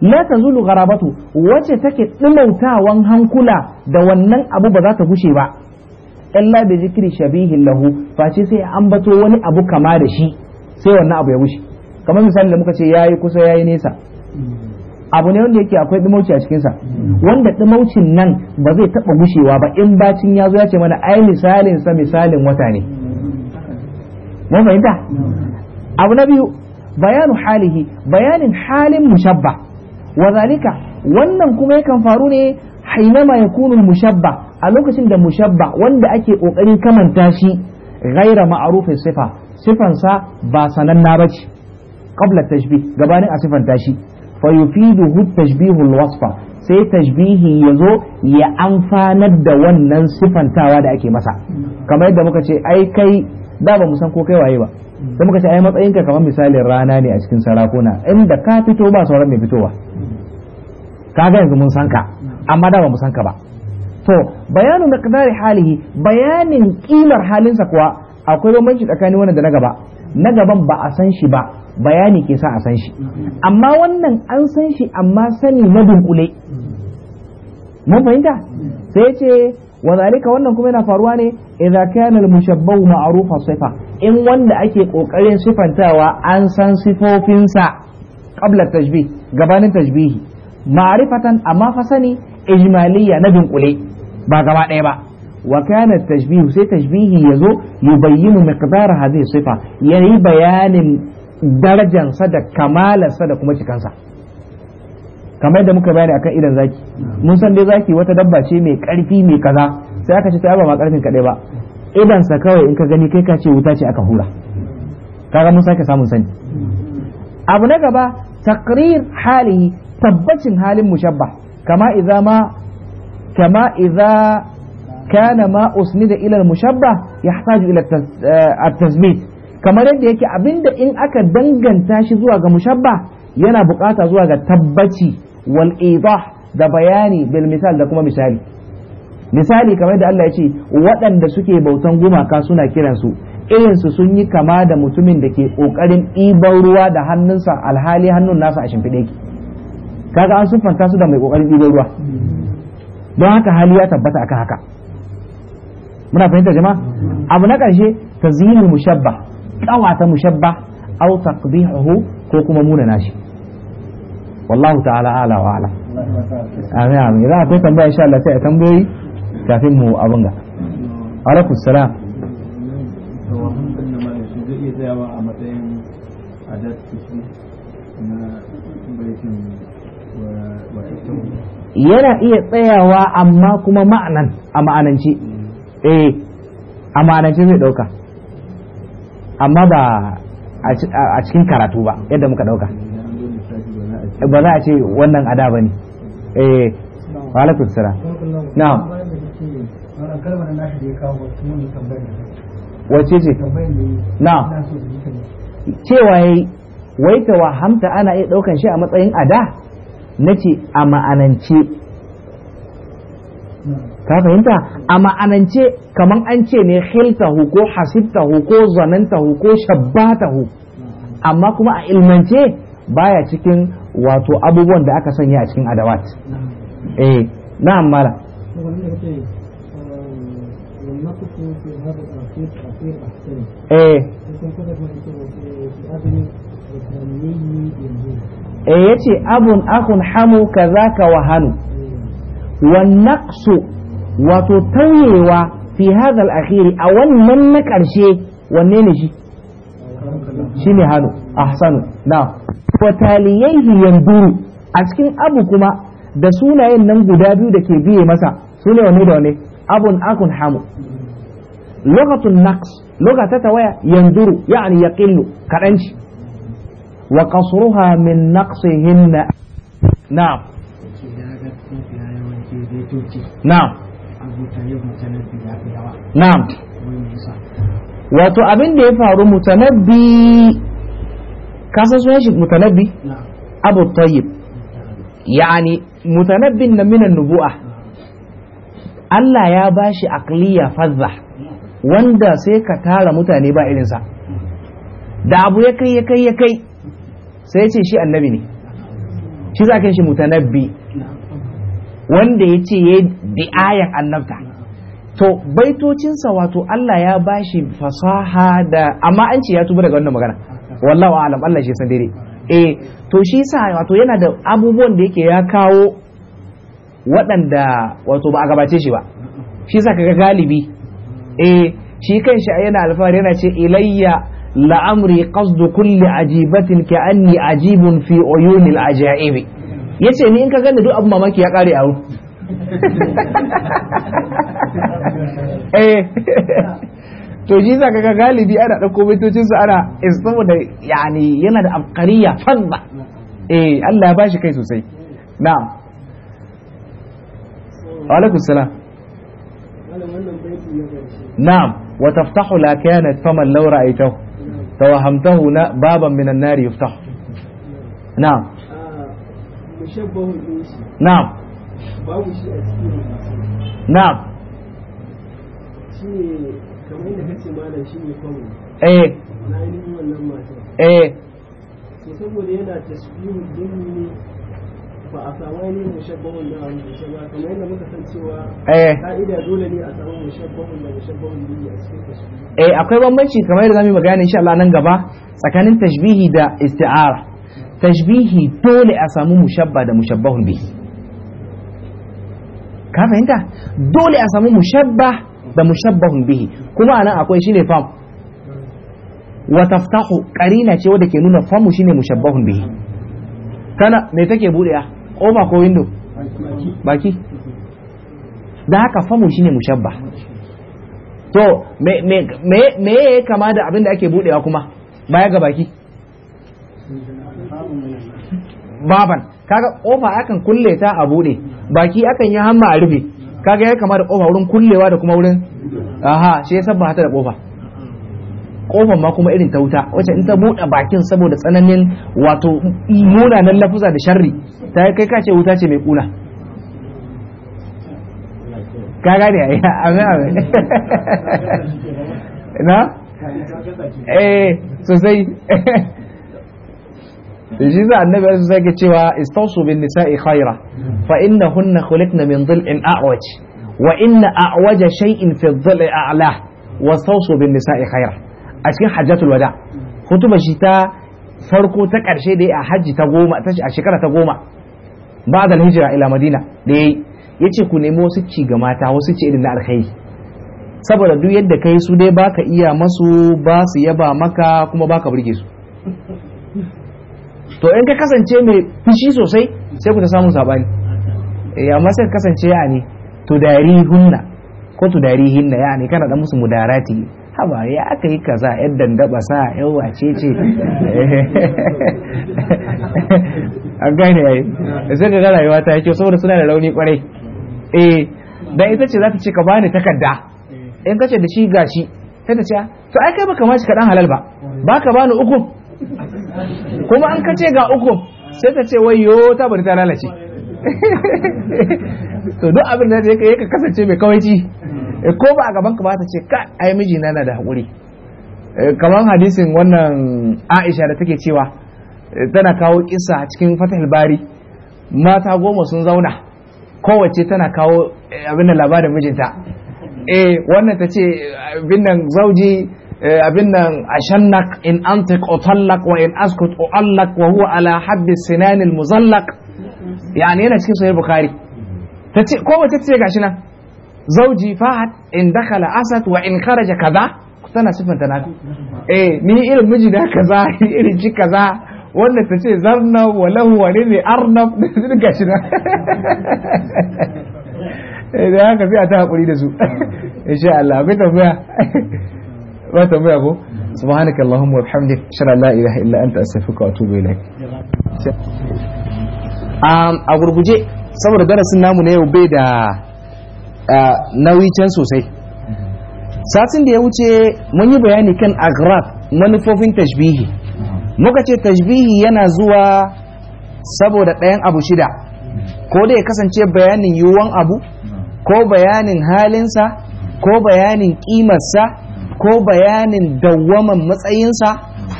la tazulu gharabatu wace take dumautawan hankula da wannan abu ba za ta gushe ba illa bi zikri shabihin lahu face sai ambato wani abu kama da shi sai wannan abu ya gushe kamar misali da muka ce yayi kusa yayi nesa abu ne wanda yake akwai dimauci a cikinsa wanda dimaucin nan ba zai taba gushewa ba in bacin ya ya ce mana ai misalin sa misalin wata ne mun fahimta abu na biyu bayanu halihi bayanin halin mushabba wa wannan kuma yakan faru ne hainama yakunu mushabba a lokacin da mushabba wanda ake kokarin kamanta shi ghaira ma'arufin sifa sifansa ba sananna bace qabla التشبيه gabanin a sifanta shi التشبيه الوصفة tashbihu sai tashbihi yazo ya amfanar da wannan sifantawa da ake masa kamar yadda muka ce ai kai da ba mu san ko kai waye ba sai muka ce ai matsayin ka kamar misalin rana ne a cikin sarakuna inda ka fito ba sauran mai fitowa ga yanzu mun san ka amma da ba mu san ka ba to bayanu miqdari halihi bayanin kimar halinsa kuwa akwai bambanci tsakanin wannan da na gaba na gaban ba a san shi ba bayani ke sa a san shi amma wannan an san shi amma sani na dunkule mun fahimta sai ce wa zalika wannan kuma yana faruwa ne idza kana al-mushabbahu ma'rufa sifa in wanda ake kokarin sifantawa an san sifofinsa qabla tashbih gabanin tashbihi ma'rifatan amma fa sani ijmaliya na dunkule ba gaba ɗaya ba wa kana tashbihu sai tashbihi yazo yubayyinu miqdar hadhihi sifa yayi bayanin darajansa da kamalarsa da kuma cikansa kamar yadda muka bayani akan idan zaki mun san dai zaki wata dabba ce mai karfi mai kaza sai aka ce sai ba ma karfin kadai ba idan sa kawai in ka gani kai ka ce wuta ce aka hura kaga mun sake samun sani abu na gaba takrir halihi tabbacin halin mushabba kama idza ma kama idza kana ma usnida ila al mushabba yahtaju ila eh, at-tazmit kamar yadda yake abinda in aka danganta shi zuwa ga mushabba yana bukata zuwa ga tabbaci wal da bayani bil misal da kuma misali misali kamar da Allah ya ce waɗanda suke bautan gumaka suna kiransu irinsu sun yi kama da mutumin da ke ƙoƙarin ɗiban ruwa da hannunsa alhali hannun nasa a shimfiɗe ki kaga an siffanta su da mai ƙoƙarin ɗiban ruwa don haka hali ya tabbata akan haka muna fahimta jama'a abu na ƙarshe tazhinul mushabba kawata mushabba aw taqbihuhu ko kuma muna nashi wallahu ta'ala ala wa ala amin amin idan akwai tambaya insha Allah sai a tambayoyi kafin mu abin ga alaikum salam yana iya tsayawa amma kuma ma'anan a ma'anance eh a ma'anance zai dauka amma ba a cikin karatu ba yadda muka dauka ba za a ce wannan ada ba ne eh wa alaikum salam na'am wace ce na'am cewa yayi waita wa hamta ana iya daukan shi a matsayin ada nace a ma'anance ka fahimta a ma'anance kamar an ce ne khiltahu ko hasibtahu ko zanantahu ko shabbatahu amma kuma a ilmance baya cikin wato abubuwan da aka sanya a cikin adawat eh na'am mala eh eh yace abun akun hamu kazaka wa hanu wan naqsu wato tauyewa fi hadha al a wannan na karshe wanne ne shi shine a ahsanu na wa taliyaihi yanzuru a cikin abu kuma da sunayen nan guda biyu da ke biye masa sune wani da wani abun akun hamu lokacin naqs لغة ya ينظر يعني يقل كرنش min من hinna. na. na. na'am wato abin da ya faru mutanabbi kasan sunan shi mutanabbi abu tayyib yani mutanabbin na minan nubu'a Allah ya bashi akliya fazza wanda sai ka tara mutane ba irinsa da abu ya kai ya kai ya kai sai ce shi annabi ne shi za shi mutanabbi wanda ya ce ya di'ayan annabta to baitocinsa wato Allah ya bashi fasaha da amma an ce ya tuba daga wannan magana wallahu a'lam Allah shi san daidai eh to shi yasa wato yana da abubuwan da yake ya kawo waɗanda wato ba a gabace shi ba shi sa kaga galibi eh shi kanshi yana alfahari yana ce ilayya la'amri qasdu kulli ajibatin ka anni ajibun fi uyunil ajaibi yace ni in ka ganni duk abu mamaki ya kare a eh to ji za ka ga galibi ana ɗauko baitocinsu ana eh, saboda yani yana da afkariya fadda eh Allah ya bashi kai sosai na'am wa alaikum salam na'am wa taftahu la kanat faman law ra'aytahu tawahamtahu na baban minan nari yuftahu na'am ah, na'am babu a cikin ne kamar yadda kace malam shi ne kwamu eh na ainihin wannan mata eh to ne a samu kamar da eh, akwai bambanci kamar yadda zamu yi magana insha nan gaba tsakanin tashbihi da isti'ara tashbihi dole a samu mushabba da mushabbahun bihi ka fahimta dole a samu mushabba da mushabbahun bihi kuma anan akwai shine fam wa taftahu qarina ce wanda ke nuna famu shine mushabbahun bihi kana me take bude ya kofa ko window baki da haka famu shine mushabba to me me me me kama da abin da ake budewa kuma baya ga baki baban kaga kofa akan kulle ta a bude baki akan yi hamma a rufe kaga ya kama da kofa wurin kullewa da kuma wurin aha shi ya sabba ta da kofa kofan ma kuma irin ta wuta wacce in ta buɗe bakin saboda tsananin wato munanan lafuza da sharri ta kai ka ce wuta ce mai kula ka gane a a (laughs) na eh sosai (laughs) to shi za annabi sai sake cewa istausu bin nisa'i khaira fa innahunna khuliqna min dhil'in a'waj wa inna a'waja shay'in fi dhil'i a'la wa istausu bin nisa'i khaira a cikin hajjatul wada hutuba shi ta farko ta karshe da a hajji ta goma ta a shekara ta goma ba'da al-hijra ila madina da yace ku nemi wasu ci ga mata wasu ci irin na alkhairi saboda duk yadda kai su dai baka iya masu ba su yaba maka kuma baka burge su to in ka kasance mai fushi sosai sai ku ta samu sabani eh, amma sai kasance ya ne hunna ko hinna ya ne kana da musu mudarati haba ya aka yi kaza yan dandaba sa yan wace ce (laughs) an gane yayi sai ga rayuwa ta yake saboda suna da rauni kwarai eh dan ita ce za ta ce ka bani takarda in kace da shi gashi sai ta ce ah, to ai kai baka ma shi kadan halal ba baka bani uku kuma an ka ga uku sai ta ce wai yo ta bari ta lalace (laughs) to duk abin da zai kai ka kasance mai kawaici eh, ko ba a gaban ka ba ta ce ka ai miji na na da hakuri eh, kamar hadisin wannan Aisha da take cewa eh, tana kawo kisa cikin Fathul Bari mata goma sun zauna kowace tana kawo abin da labarin mijinta eh wannan ta ce abin zauji Eh, abin nan ashannak in antik utallaq wa in askut uallaq wa huwa ala haddi sinan al muzallaq yani yana cikin sahih bukhari tace ko wace ce gashi nan zauji fahad in dakhala asad wa in kharaja kaza tana sifanta na eh ni irin miji da kaza irin ci kaza wanda ta ce zarnab wa lahu wa ne arnab (laughs) da gashi nan (laughs) eh, da haka sai a ta haƙuri da su (laughs) insha Allah bai tambaya ba tambaya ko subhanaka allahumma wa bihamdika ashhadu an la ilaha illa anta wa atubu ila'i. Um, a gurguje saboda darasin namu na yau bai da uh, nauyicen sosai satin da ya wuce mun yi bayani kan agrab manufofin tashbihi muka ce tashbihi yana zuwa saboda ɗayan abu shida ko da ya kasance bayanin yiwuwan abu ko bayanin halinsa ko bayanin ƙimarsa ko bayanin dawwaman matsayinsa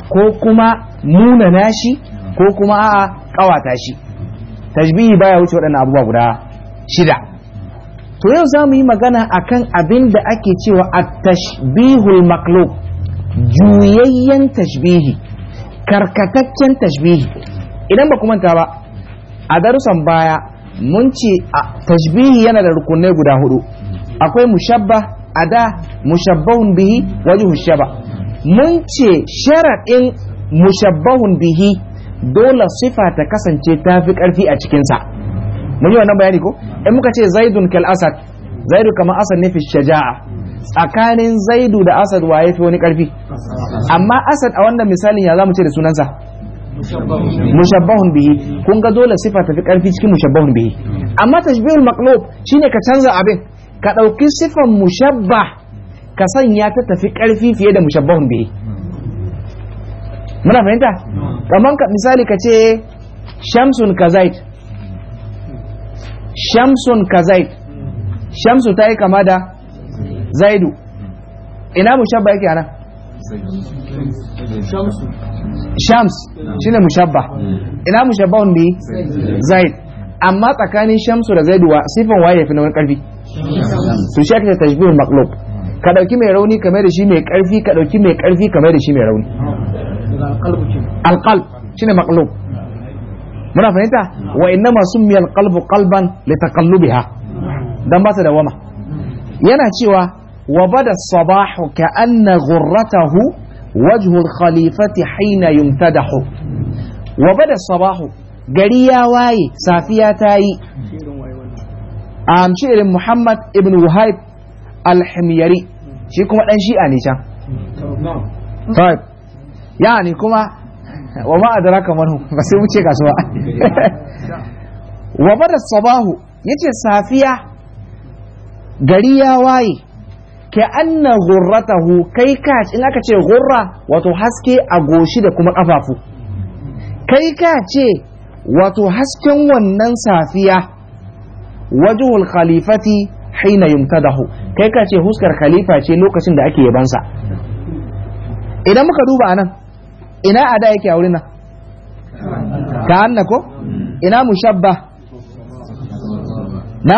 ko kuma nuna nashi ko kuma a'a kawata shi tajbihi baya wuce waɗannan abubuwa guda shida to yau za mu yi magana akan abin da ake cewa a tashbihul maklo juyayyen tashbihi karkataccen tashbihi idan ba manta ba a darussan baya mun ce tashbihi yana da rukunai guda hudu akwai mushabba a da mushabbahun bihi wajuhu shaba mun ce sharaɗin mushabbahun bihi dole sifa ta kasance ta fi karfi a cikinsa mun yi wannan bayani ko in muka ce zaidun kal asad zaidu kama asad ne fi shaja'a tsakanin zaidu da asad waye fi wani karfi amma asad a wannan misalin ya zamu ce da sunansa mushabbahun bihi kun ga dole sifa ta fi karfi cikin mushabbahun bihi amma tashbihul maqlub shine ka canza abin ka ɗauki sifan mushabba ka sanya ta tafi ƙarfi fiye da mushabbahun bihi muna fahimta kamar ka misali ka ce shamsun kazaid shamsun kazaid shamsu ta yi kama da zaidu ina mushabba yake ana shams ne mushabba ina mushabbahun bihi zaid amma tsakanin shamsu da zaidu wa sifan waye ya fi na wani ƙarfi to shi aka tashbihu maqlub ka dauki mai rauni ka mai da shi mai karfi ka dauki mai karfi ka da shi mai rauni alqalb shine maqlub muna fahimta wa innama summiya alqalbu qalban litaqallubiha dan ba ta da wama yana cewa wa bada sabahu ka anna ghurratahu wajhu alkhalifati hina yumtadahu wa bada sabahu gari ya waye safiya ta yi an ce irin muhammad ibn wuhaib alhimiyari shi kuma dan shi'a ne can ya ne kuma wa ma adara kamar hu ba sai wuce ga suwa wa bada sabahu ya ce safiya gari ya waye ke an na gurrata hu kai kaci in aka ce gurra wato haske a goshi da kuma kafafu kai kace wato hasken wannan safiya Wajuhu khalifati hina yumtadahu kai ka ce huskar khalifa ce lokacin da ake yabansa idan muka duba anan ina ada yake a wurin nan ka anna ko ina mushabba na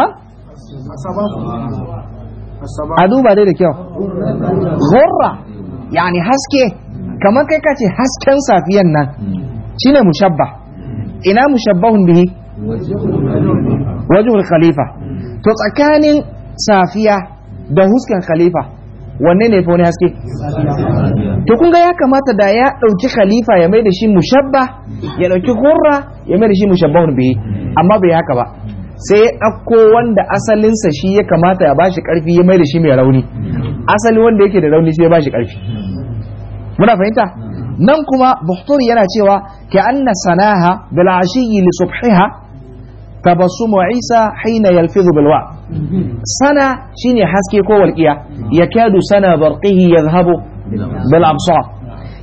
a duba dai da kyau ghurra yani haske kamar kai ka ce hasken safiyan nan shine mushabba ina mushabbahun bihi wajen khalifa to tsakanin safiya da huskan khalifa wanne ne fa haske to kun ya kamata da ya dauki khalifa ya mai da shi mushabba ya dauki hurra ya mai da shi mushabbahun bihi amma bai haka ba sai ya dauko wanda asalinsa shi ya kamata ya bashi karfi ya mai da shi mai rauni asali wanda yake da rauni sai ya bashi ƙarfi muna fahimta nan kuma buhtur yana cewa ka anna sanaha bil ashiyi li subhiha tabassumu isa hina yalfidhu bil wa sana shine haske ko walqiya yakadu sana barqihi yadhhabu bil absar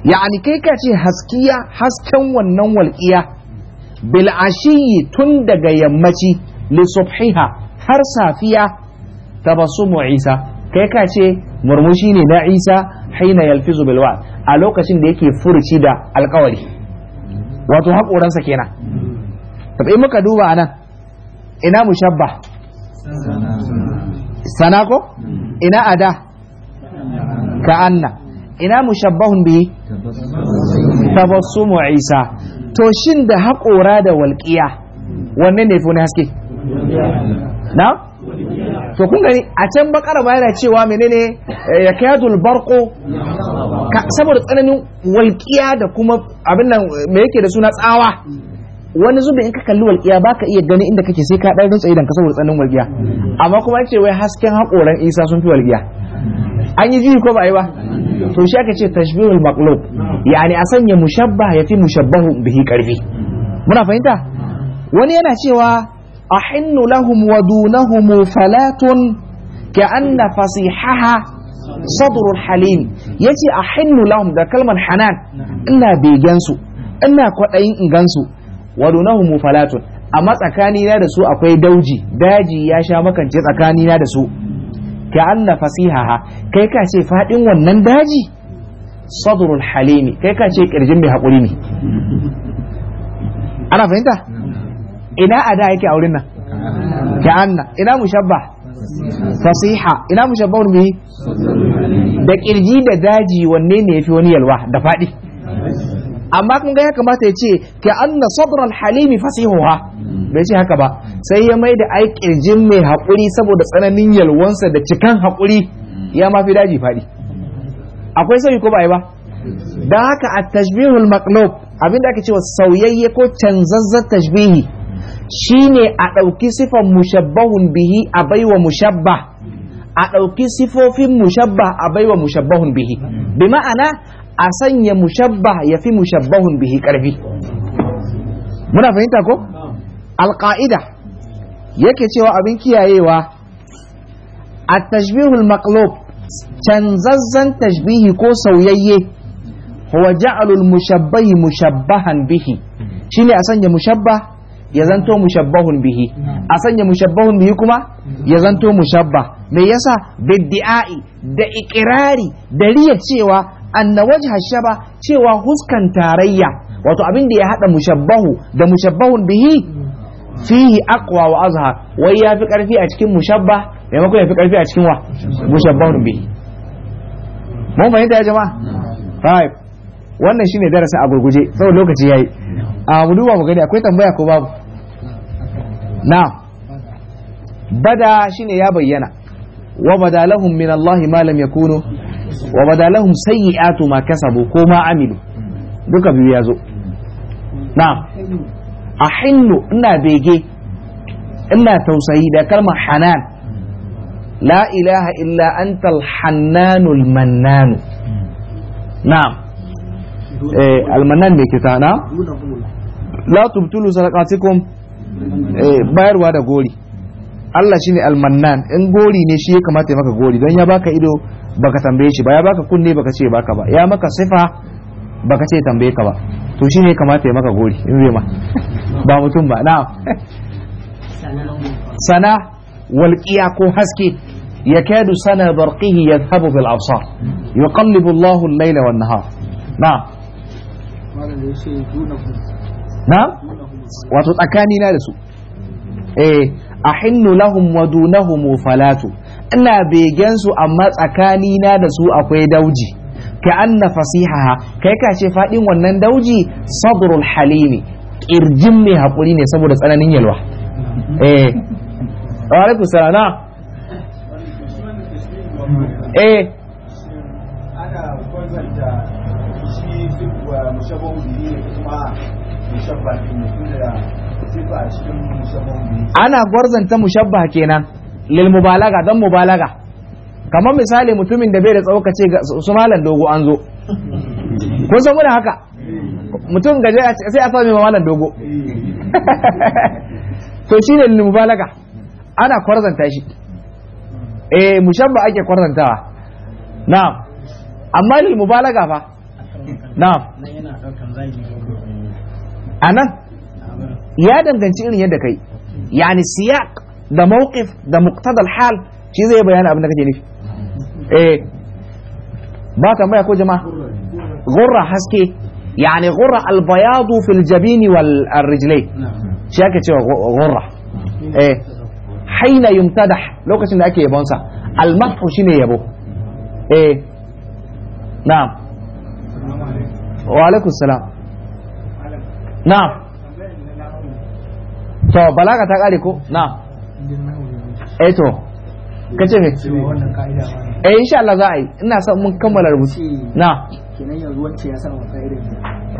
yani kai ka ce haskiya hasken wannan walqiya bil ashiyi tun daga yammaci li subhiha har safiya tabassumu isa kai ka ce murmushi ne na isa haina yalfizu bil wa a lokacin da yake furuci da alkawari wato haƙoransa kenan tabi muka duba anan ina mushabba sana ko ina ada ka anna ina mushabbahun bi tabassumu isa to shin da haƙora da walƙiya wanne ne fi haske na to kun gani a can bakara ba yana cewa menene eh, ya dul barko saboda tsananin walƙiya da kuma abin nan me yake da suna tsawa wani zubi in ka kalli walƙiya ba ka iya gani inda kake sai ka ɗan rutsa idan ka saboda tsanin walƙiya amma kuma ya ce wai hasken haƙoran isa sun fi walƙiya an yi jihi ko ba yi ba to shi aka ce tashbihul maqlub yani a sanya mushabba ya fi mushabbahu bihi karfi muna fahimta wani yana cewa ahinnu lahum wa dunahum falatun ka'anna fasihaha sadrul halim yace ahinnu lahum da kalmar hanan ina begensu ina kwaɗayin ingansu wadunahu mufalatun falatun amma tsakanina da su akwai dauji daji ya sha makance tsakanina da su ka anna fasihaha kai ka ce fadin wannan daji sadrul halimi kai ka ce kirjin Mai hakuri ne ana fahimta ina ada yake a wurin nan ka anna ina mushabba fasiha ina wurin mai da kirji da daji wanne ne yafi wani yalwa da fadi amma kun ga ya kamata ya ce ka anna sabran halimi fasihuha bai ce haka ba sai ya mai da ai kirjin mai haƙuri saboda tsananin yalwansa da cikan haƙuri ya ma fi daji faɗi akwai sauyi ko ba ba da haka a tashbihul maqlub abinda ake cewa sauyayye ko canzazzar tashbihi shine a ɗauki sifan mushabbahun bihi a baiwa mushabba a ɗauki sifofin mushabba a baiwa mushabbahun bihi bi ma'ana a sanya mushabba ya fi mushabbahun bihi karfi muna fahimta ko alƙa'ida yake cewa abin kiyayewa a tashbihul maqlub canzazzan tashbihi ko sauyayye huwa ja'alul mushabbahi mushabbahan bihi shine a sanya mushabba ya zanto mushabbahun bihi a sanya mushabbahun bihi kuma ya zanto mushabba me yasa biddi'ai da ikirari da riya cewa anna wajha shaba cewa huskan tarayya wato abin da ya hada mushabbahu da mushabbahun bihi fihi aqwa wa azhar wai ya fi karfi a cikin mushabba maimakon ya fi karfi a cikin wa mushabbahun bihi mun fahimta ya jama'a right wannan shine darasi a gurguje saboda lokaci yayi a mu duba mu gani akwai tambaya ko babu na bada shine ya bayyana wa badalahum min allahi ma lam yakunu wa badalahum sayyi'atu ma kasabu ko ma amilu duka biyu ya zo na a hinnu ina bege ina tausayi da kalmar hanan la ilaha illa antal hannanul mannanu Na eh almannan bai kita na la tubtulu sadaqatikum eh, bayarwa da gori Allah shine almannan in gori ne shi ya kamata ya maka gori don ya baka ido baka tambaye shi ba ya baka kunne baka ce baka ba ya maka sifa baka ce tambaye ka ba to shine ya kamata ya maka gori in zai ma (laughs) ba mutum ba na sana walqiya ko haske ya yakadu sana barqihi yadhhabu bil absar ya Allahu al-layla wan nahar na na wato tsakani na da su eh ahinnu lahum wa dunahum falatu ina begen su amma tsakani na da su akwai dauji ka anna fasihaha kai ka ce fadin wannan dauji sabrul halimi kirjin mai hakuri ne saboda tsananin yalwa eh wa alaikum salam eh ana kwanzanta shi mushabbahu ne kuma mushabbahu ne ana gwarzanta mushabba kenan lil mubalaga dan mubalaga kamar misali mutumin da bai da tsawo ce su malan dogo an zo (laughs) kun san muna haka mutum gaje sai a fami malan dogo (laughs) to shine lil mubalaga ana kwarzanta shi eh mushabba ake kwarzantawa na'am amma lil mubalaga fa na'am anan ya danganci irin yadda kai yani siyak da mawqif da muqtada hal shi zai bayana abin da kake nufi eh ba tambaya ko jama'a gurra haske yani gurra albayadu fil jabini wal arrijlai shi ake cewa gurra eh haina yumtadah lokacin da ake yabonsa almadhu shine yabo eh na'am wa alaikum salam na'am to balaga ta kare ko na eh to kace me eh insha Allah za a yi ina son mun kammala rubutu na kenan yanzu wacce ya saba ka'idar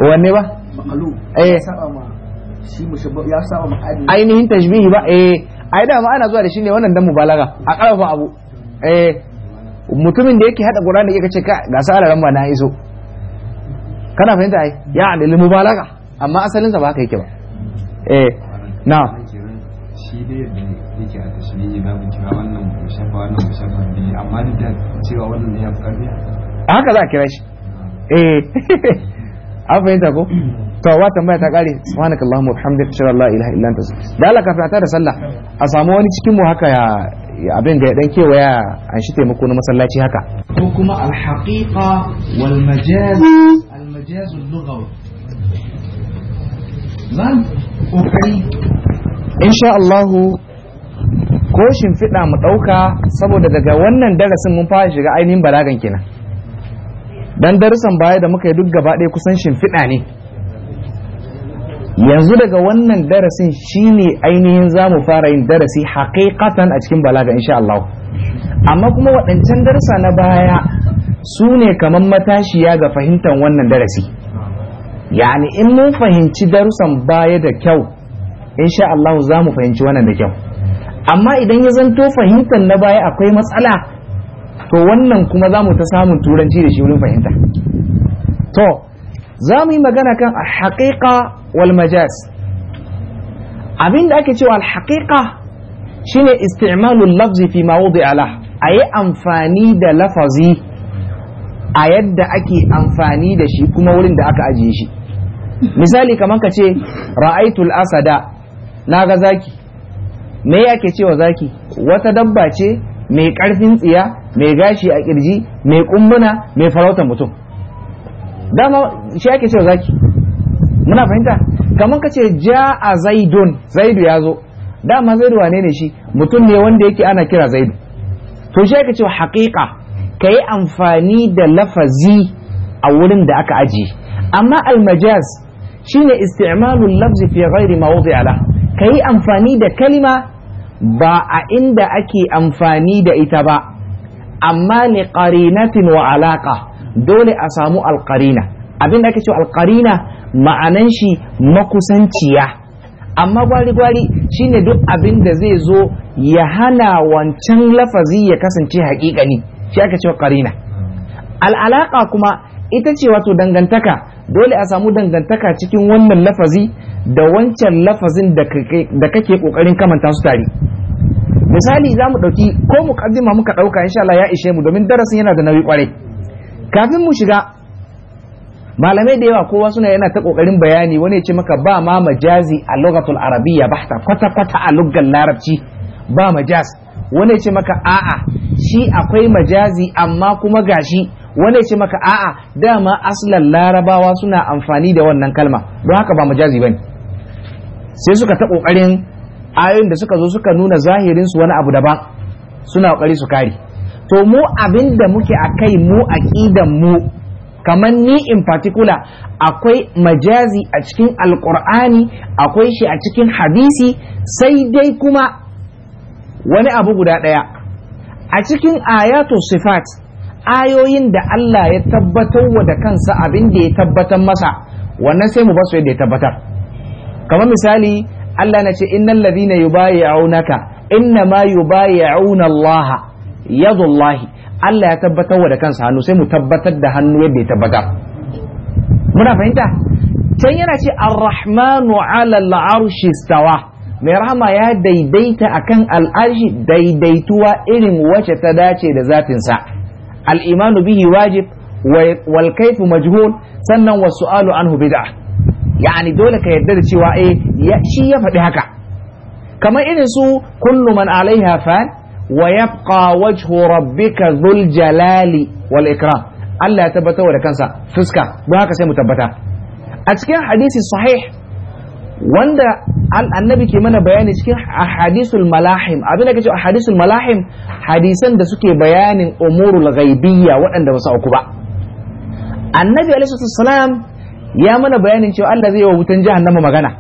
wanne ba makalu eh shi mushabba ya saba adi ainihin tashbihi ba eh ai da ma ana zuwa da shi ne wannan dan mubalaga a karfa abu eh mutumin da yake hada Qur'ani yake ce ga sa'aran ba na iso kana fahimta ai ya alil mubalaga amma asalin sa ba ka yake ba eh na shi da a tashiri kira wannan wannan da cewa wannan ya fi karfi haka za a kira shi eh (laughs) an fahimta ko mm. to wa tambaya ta kare subhanaka allahumma bihamdika shalla la ilaha illa anta da Allah ka fata da sallah a samu wani cikin mu haka ya abin ga dan kewaya an shi taimako na masallaci haka ko kuma al haqiqa wal majaz al majaz al lughawi insha Allahu ko shimfiɗa mu ɗauka saboda daga wannan darasin mun fara shiga ainihin balagan kenan dan darusan baya da muka yi duk gaba ɗaya kusan shimfiɗa ne yanzu daga wannan darasin shine ainihin za mu fara yin darasi haƙiƙatan a cikin balaga insha Allah amma kuma waɗancan darasa na baya sune kamar matashiya ga fahimtar wannan darasi yani in mun fahimci darussan baya da kyau insha Allah za mu fahimci wannan da kyau amma idan ya zanto fahimtar na baya akwai matsala to wannan kuma za mu ta samun turanci da shi wurin fahimta to za mu yi magana kan alhaƙiƙa wal majaz abin da ake cewa alhaƙiƙa shine isti'malul lafzi fi ma wudi'a a amfani da lafazi a yadda ake amfani da shi kuma wurin da aka ajiye shi misali kamar ka ce ra'aitul asada na ga zaki me ya ke cewa zaki wata dabba ce mai karfin tsiya mai gashi a kirji mai kumbuna mai farautar mutum dama shi ke cewa zaki muna fahimta kamar ka ce ja a zaidun zaidu ya zo dama zaidu wane ne shi mutum ne wanda yake ana kira zaidu to shi ke cewa haƙiƙa ka yi amfani da lafazi a wurin da aka ajiye amma almajaz shine isti'malul lafzi fi ghairi mawdi ala kai amfani da kalima ba a inda ake amfani da ita ba amma li qarinatin wa alaqa dole a samu alqarina abin da ake cewa alqarina ma'anan shi makusanciya amma gwari gwari shine duk abin da zai zo ya hana wancan lafazi ya kasance haƙiƙani shi aka cewa qarina al'alaka kuma ita ce wato dangantaka dole a samu dangantaka cikin wannan lafazi da wancan lafazin da kake kokarin kamanta su tare misali za mu ɗauki ko mu kaddima muka ɗauka insha Allah ya ishe mu domin darasin yana da nauyi ƙwarai. kafin mu shiga malamai da yawa kowa suna yana ta kokarin bayani wani ya ce maka ba ma majazi a lokacin arabiyya ba kwata kwata a luggar larabci ba majaz wani ya ce maka a'a shi akwai majazi amma kuma gashi wanda ya ce maka a'a dama aslan larabawa suna amfani da wannan kalma don haka ba majazi bane sai suka ta kokarin ayoyin da suka zo suka nuna zahirin su wani abu daban suna kokari su kare to mu abin da muke akai mu aqidan mu kamar ni in particular akwai majazi a cikin Alƙur'ani akwai shi a cikin hadisi sai dai kuma wani abu guda ɗaya a cikin ayatu sifat ayoyin da Allah ya tabbatar wa da kansa abin da ya tabbatar masa wannan sai mu basu yadda ya tabbatar kamar misali Allah na ce innal ladhina yubayyi'unaka inna ma yubayyi'una Allah yadullahi Allah ya tabbatar wa da kansa hannu sai mu tabbatar da hannu yadda ya tabbatar muna fahimta can yana ce arrahmanu rahmanu 'ala al-'arshi istawa mai rahama ya daidaita akan al'arshi daidaituwa irin wacce ta dace da zatinsa al-imanu bihi wajib wal kaifu majhul sannan wa su'alu anhu bid'a yani dole ka yarda da cewa eh shi ya faɗi haka kamar irin su kullu man alaiha fan wa yabqa wajhu rabbika dhul jalali wal ikram Allah ya tabbatar da kansa fuska don haka sai mu tabbata a cikin hadisi sahih wanda annabi ke mana bayani cikin ahadisul malahim abin da kace ahadisul malahim hadisan da suke bayanin umurul ghaibiyya waɗanda ba su auku ba annabi alaihi wasallam ya mana bayanin cewa Allah zai yi wa wutan jahannama magana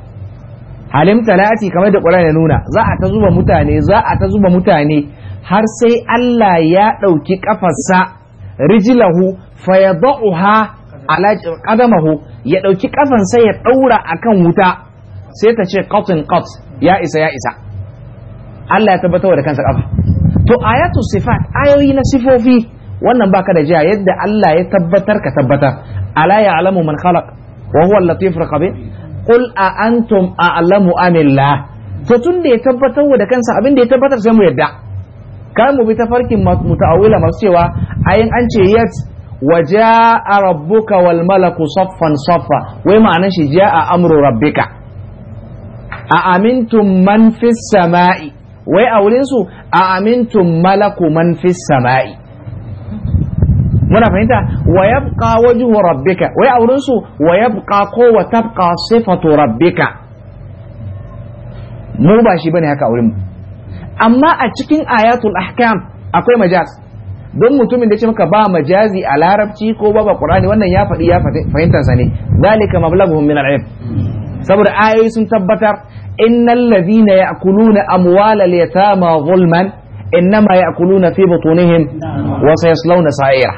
halim talati kamar da Qur'ani ya nuna za a ta zuba mutane za a ta zuba mutane har sai Allah ya ɗauki kafarsa rijlahu fayadauha ala qadamahu ya ɗauki kafansa ya ɗaura akan wuta sai ta ce qatin qat ya isa ya isa Allah ya tabbatar da kansa kafa to ayatu sifat ayoyi na sifofi wannan baka da jiya yadda Allah ya tabbatar ka tabbatar ala ya'lamu man khalaq wa huwa al-latif al-khabir qul a antum a'lamu amillah to tun da ya tabbatar da kansa abin da ya tabbatar sai mu yadda kan mu bi ta farkin muta'awila masu cewa ayin an ce yat wa ja'a wal malaku saffan saffa wai ma'anar shi ja'a amru rabbika a amintun man sama'i wai a wurin a amintun malaku man sama'i muna fahimta wa yabqa wajhu rabbika wai a wurin su wa yabqa ko wa tabqa sifatu rabbika mu ba shi bane haka a wurin amma a cikin ayatul ahkam akwai majaz don mutumin da ce maka ba majazi a larabci ko ba ba qur'ani wannan ya faɗi ya fahimtar sa ne dalika mablaghum min al-ilm saboda ayoyi sun tabbatar innal ladhina ya'kuluna amwalal yatama zulman innama ya'kuluna fi butunihim wa sayaslawna sa'ira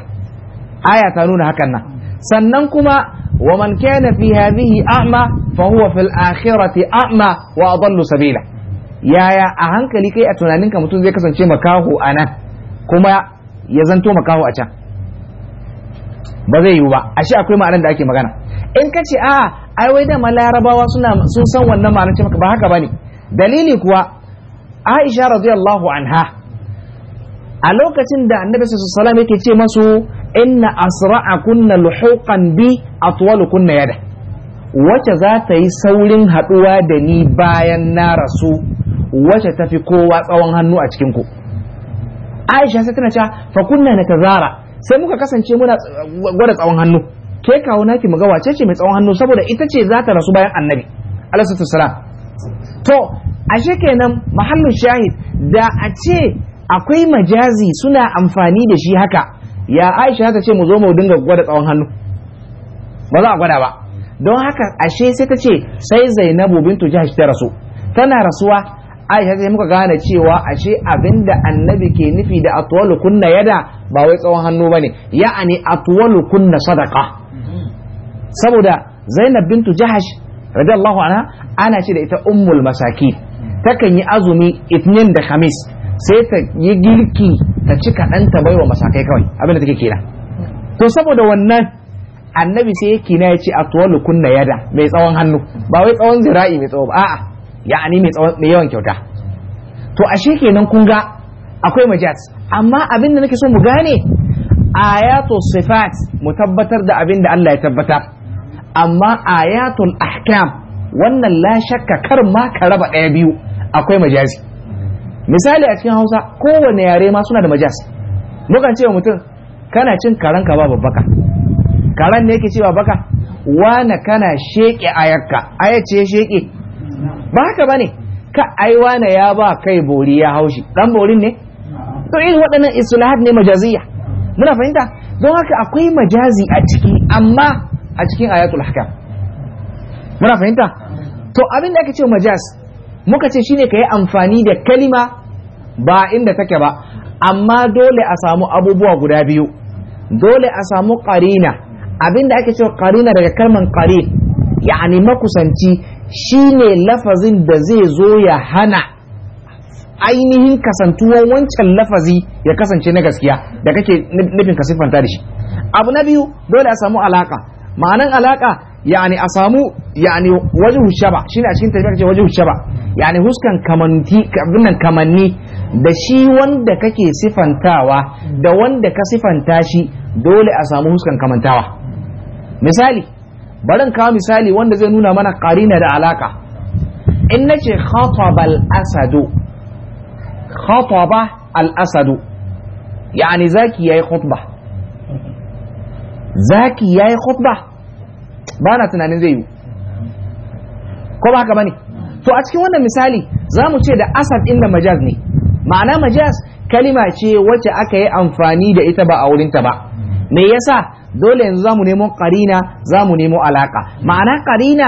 aya ta nuna hakan nan sannan kuma wa man kana fi hadhihi a'ma fa huwa fil akhirati a'ma wa adallu sabila yaya a hankali kai a tunaninka mutum zai kasance makaho a nan kuma ya zanto makaho a can ba zai yiwu ba ashe akwai ma'anar da ake magana in ka ce a ai wai ma larabawa suna sun san wannan ma'anar ce maka ba haka bane dalili kuwa Aisha radiyallahu anha a lokacin da annabi sallallahu alaihi yake ce masu inna asra'akunna luhuqan bi atwalukunna yada wacce za ta yi saurin haɗuwa da ni bayan na rasu wacce ta fi kowa tsawon hannu a cikin ku Aisha sai tana cewa fa kunna natazara sai muka kasance muna gwada tsawon hannu ke kawo naki mu ga wace ce mai tsawon hannu saboda ita ce za ta rasu bayan annabi alaihi wasallam to ashe kenan mahallin shahid da a ce akwai majazi suna amfani da shi haka ya aisha ta ce mu zo mu dinga gwada tsawon hannu ba za a gwada ba don haka ashe sai ta ce sai zainabu bintu jahash ta rasu tana rasuwa aisha sai muka gane cewa ashe abinda annabi ke nufi da atwalu kunna yada ba wai tsawon hannu bane ya'ani atwalu kunna sadaqa saboda zainab bintu jahash radiyallahu anha ana ce da ita ummul masaki takan yi azumi itnin da khamis sai ta yi girki ta ci kaɗan ta baiwa masakai kawai abin da take kira to saboda wannan annabi sai yake na ya ce atwalu kunna yada mai tsawon hannu ba wai tsawon zira'i mai tsawo ba a'a ya'ani mai tsawon mai yawan kyauta to ashe kenan kun ga akwai majaz amma abin da nake so mu gane ayatu sifat mu tabbatar da abin da Allah ya tabbatar amma ayatul ahkam wannan la shakka kar ma ka raba ɗaya biyu akwai majazi misali a cikin hausa kowane yare ma suna da majaz mukan ce wa mutum kana cin karan ka ba babbaka karan ne yake cewa baka wane kana sheke ayakka ayace ce sheke ba haka bane ka ai wane ya ba kai bori ya haushi dan borin ne to irin waɗannan islahat ne majaziya muna fahimta don haka akwai majazi a ciki amma a cikin ayatul hakam muna fahimta to abin da aka ce majas muka ce shine ka yi amfani da kalima ba inda take ba amma dole a samu abubuwa guda biyu dole a samu karina abin da ake ce karina daga kalman karin yani makusanci shine lafazin da zai zo ya hana ainihin kasantuwan wancan lafazi ya kasance na gaskiya da kake nufin ka siffanta da shi abu na biyu dole a samu alaka ma'anan alaka yani a samu yani wajen hushaba shine a cikin tafiya ce wajen hushaba yani huskan kamanti kamanni da shi wanda kake sifantawa da wanda ka sifanta shi dole a samu huskan kamantawa misali barin kawo misali wanda zai nuna mana karina da alaka in ce khatabal asadu khataba al asadu yani zaki yayi khutba zaki ya yi khutba ba na tunanin zai yi ko ba haka bane to a cikin wannan misali za mu ce da asad inda majaz ne ma'ana majaz kalima ce wacce aka yi amfani da ita ba a wurinta ba me yasa dole yanzu za mu nemo karina zamu nemo alaka ma'ana karina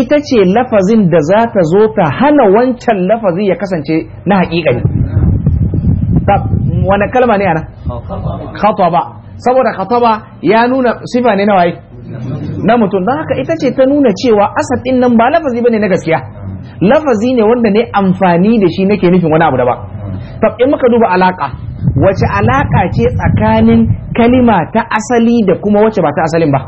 ita ce lafazin da za ta zo ta hana wancan lafazi ya kasance na haƙiƙa ne wani kalma ne ana khataba saboda khataba ya nuna sifa ne na waye na mutum don haka ita ce ta nuna cewa asad din nan ba lafazi ne na gaskiya lafazi ne wanda ne amfani da shi nake nufin wani abu da ba tab in muka duba alaka wace alaka ce tsakanin kalima ta asali da kuma wace ba ta asalin ba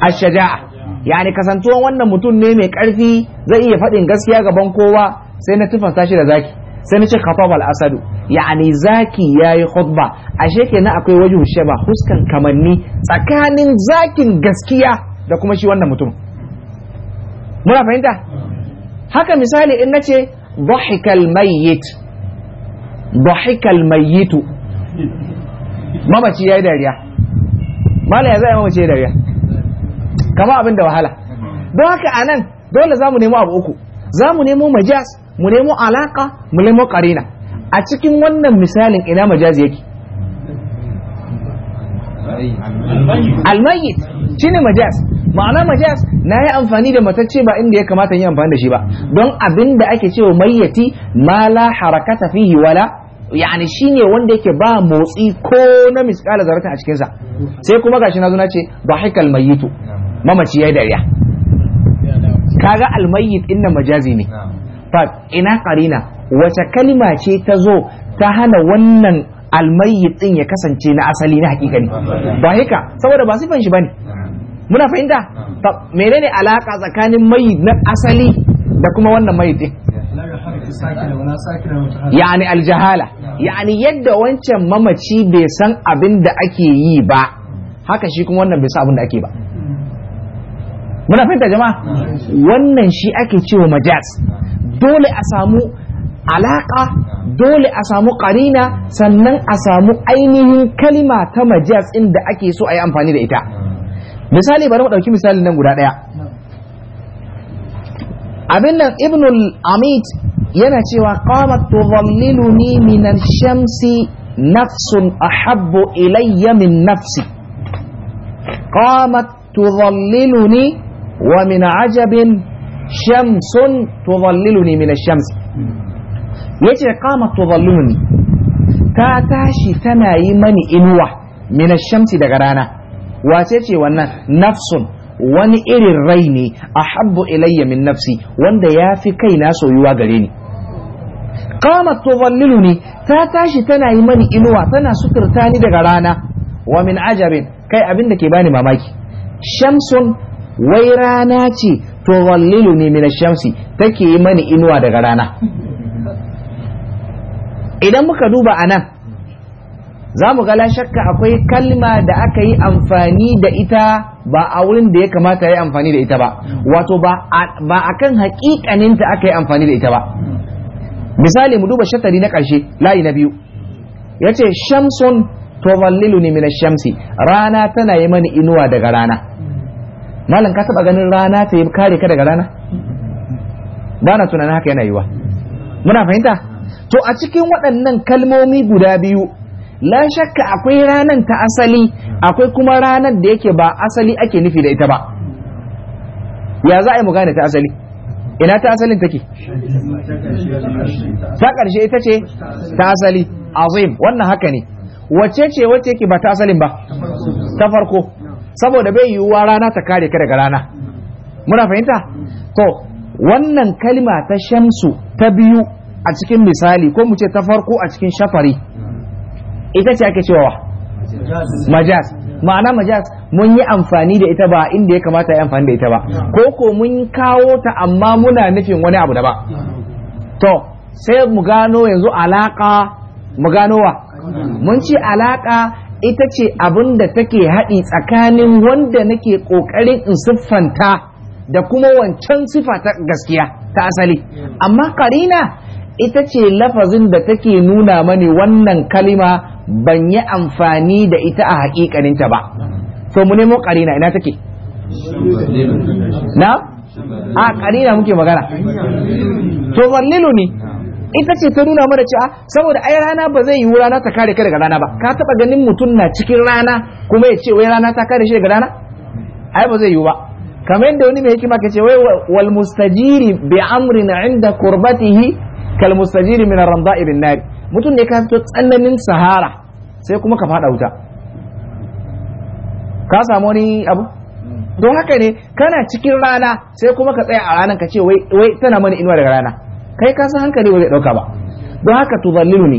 ashaja'a yani kasantuwan wannan mutum ne mai karfi zai iya faɗin gaskiya gaban kowa sai na tufanta shi da zaki sai na ce khatab al asadu yani zaki ya yi khutba ashe kenan akwai wajen shaba huskan kamanni tsakanin zakin gaskiya da kuma shi wannan mutum muna fahimta haka misali in nace dhahikal mayyit dhahikal mayyit mamaci yayi dariya mala ya zai mamaci yayi dariya kama abin da wahala don haka anan dole zamu nemo abu uku zamu nemo majas mu nemo alaka mu nemo karina a cikin wannan misalin ina majazi yake almayit ne majaz ma'ana majaz na yi amfani da matacce ba inda ya kamata yi amfani da shi ba don abin da ake cewa mayyati ma la harakata fihi wala yani ne wanda yake ba motsi ko na miskala zarata a cikinsa sai kuma gashi na zuna ce ba dhahikal mayyitu mamaci yi dariya kaga almayyit inna majazi ne fa ina karina wace kalima ce ta zo ta hana wannan almayyitsin ya kasance na asali na hakikani ba haka saboda ba sifan shi bane muna fahimta menene alaka tsakanin mayyit na asali da kuma wannan mayyit din yani aljahala yani yadda wancan mamaci bai san abin da ake yi ba haka shi kuma wannan bai san abin da ake ba muna fahimta jama'a wannan shi ake cewa majas? dole a samu alaƙa dole a samu ƙarina sannan a samu ainihin kalima ta majas inda da ake so a yi amfani da ita misali bari mu ɗauki misali nan guda ɗaya abin nan ibnul amit yana cewa qamat tudhalliluni min ash-shamsi nafsun ahabbu ilayya min nafsi qamat tudhalliluni wa min ajabin shamsun tudhalliluni min ash-shamsi Ya yace kama tudalluni ta tashi tana yi mani inuwa mina shamsi daga rana wace ce wannan nafsun wani irin rai ne a habbu ilayya min nafsi wanda ya fi kai na soyuwa gare ni qamat ne ta tashi tana yi mani inuwa tana suturta ni daga rana wa min ajabin kai abin da ke bani mamaki shamsun wai rana ce to ne min shamsi take yi mani inuwa daga rana idan muka duba a nan za mu gala shakka akwai kalma da aka yi amfani da ita ba a wurin da ya kamata ya yi amfani da ita ba wato ba a kan hakikaninta aka yi amfani da ita ba misali mu duba shatari na ƙarshe layi na biyu ya ce shamsun tuwallilu ne mina shamsi rana tana yi mani inuwa daga rana malam ka taɓa ganin rana ta yi kare ka daga rana ba na tunanin haka yana yiwa muna fahimta to a cikin waɗannan kalmomi guda biyu la shakka akwai ranar ta asali akwai kuma ranar da yake ba asali ake nufi da ita ba ya za a yi mu gane ta asali ina ta asalin take ta ƙarshe ita ce ta asali azim wannan haka ne wacce ce wacce yake ba ta asalin ba ta farko saboda bai yiwuwa rana ta kare ka daga rana muna fahimta to wannan kalma ta shamsu ta biyu a cikin misali ko mu ce ta farko a cikin shafari ita ce ake cewa Majas ma'ana majas mun yi amfani da ita ba inda ya kamata ya amfani da ita ba ko ko mun kawo ta amma muna nufin wani abu da ba to sai mu gano yanzu alaka mu gano wa mun ce alaka ita ce abin da take haɗi tsakanin wanda nake ƙoƙarin in siffanta da kuma wancan sifa ta gaskiya ta asali amma karina ita ce lafazin da take nuna mani wannan kalima ban yi amfani da ita a haƙiƙaninta ba so mu nemo ƙarina ina take na a ƙarina muke magana to zallilu ne ita ce ta nuna mana cewa saboda ai rana ba zai yiwu rana ta kare ka daga rana ba ka taba ganin mutum na cikin rana kuma ya ce wai rana ta kare shi daga rana ai ba zai yiwu ba kamar yadda wani mai hikima ke ce wai wal mustajiri bi amrin inda qurbatihi kalmustajiri min ramda ibin nari mutum ne ka fito tsananin sahara sai kuma ka fada wuta ka samu wani abu don haka ne kana cikin rana sai kuma ka tsaya a ranar ka ce wai tana mani inuwa daga rana kai ka san hankali ba zai dauka ba don haka to zallilu ne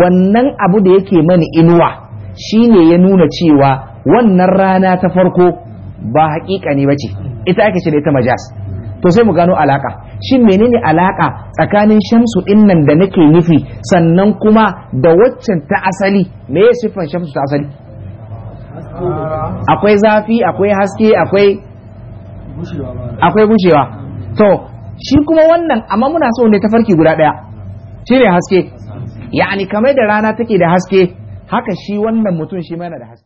wannan abu da yake mani inuwa shine ya nuna cewa wannan rana ta farko ba haƙiƙa ne bace ita ake ce da ita majas to sai mu gano alaka shin menene alaka tsakanin shamsu ɗinnan da nake nufi sannan kuma da waccan ta asali me ya siffan shamsu ta asali akwai zafi akwai haske akwai akwai bushewa to shi kuma wannan amma muna so ne ta farki guda daya shine haske ya'ani kamar da rana take da haske haka shi wannan mutum shi mana da haske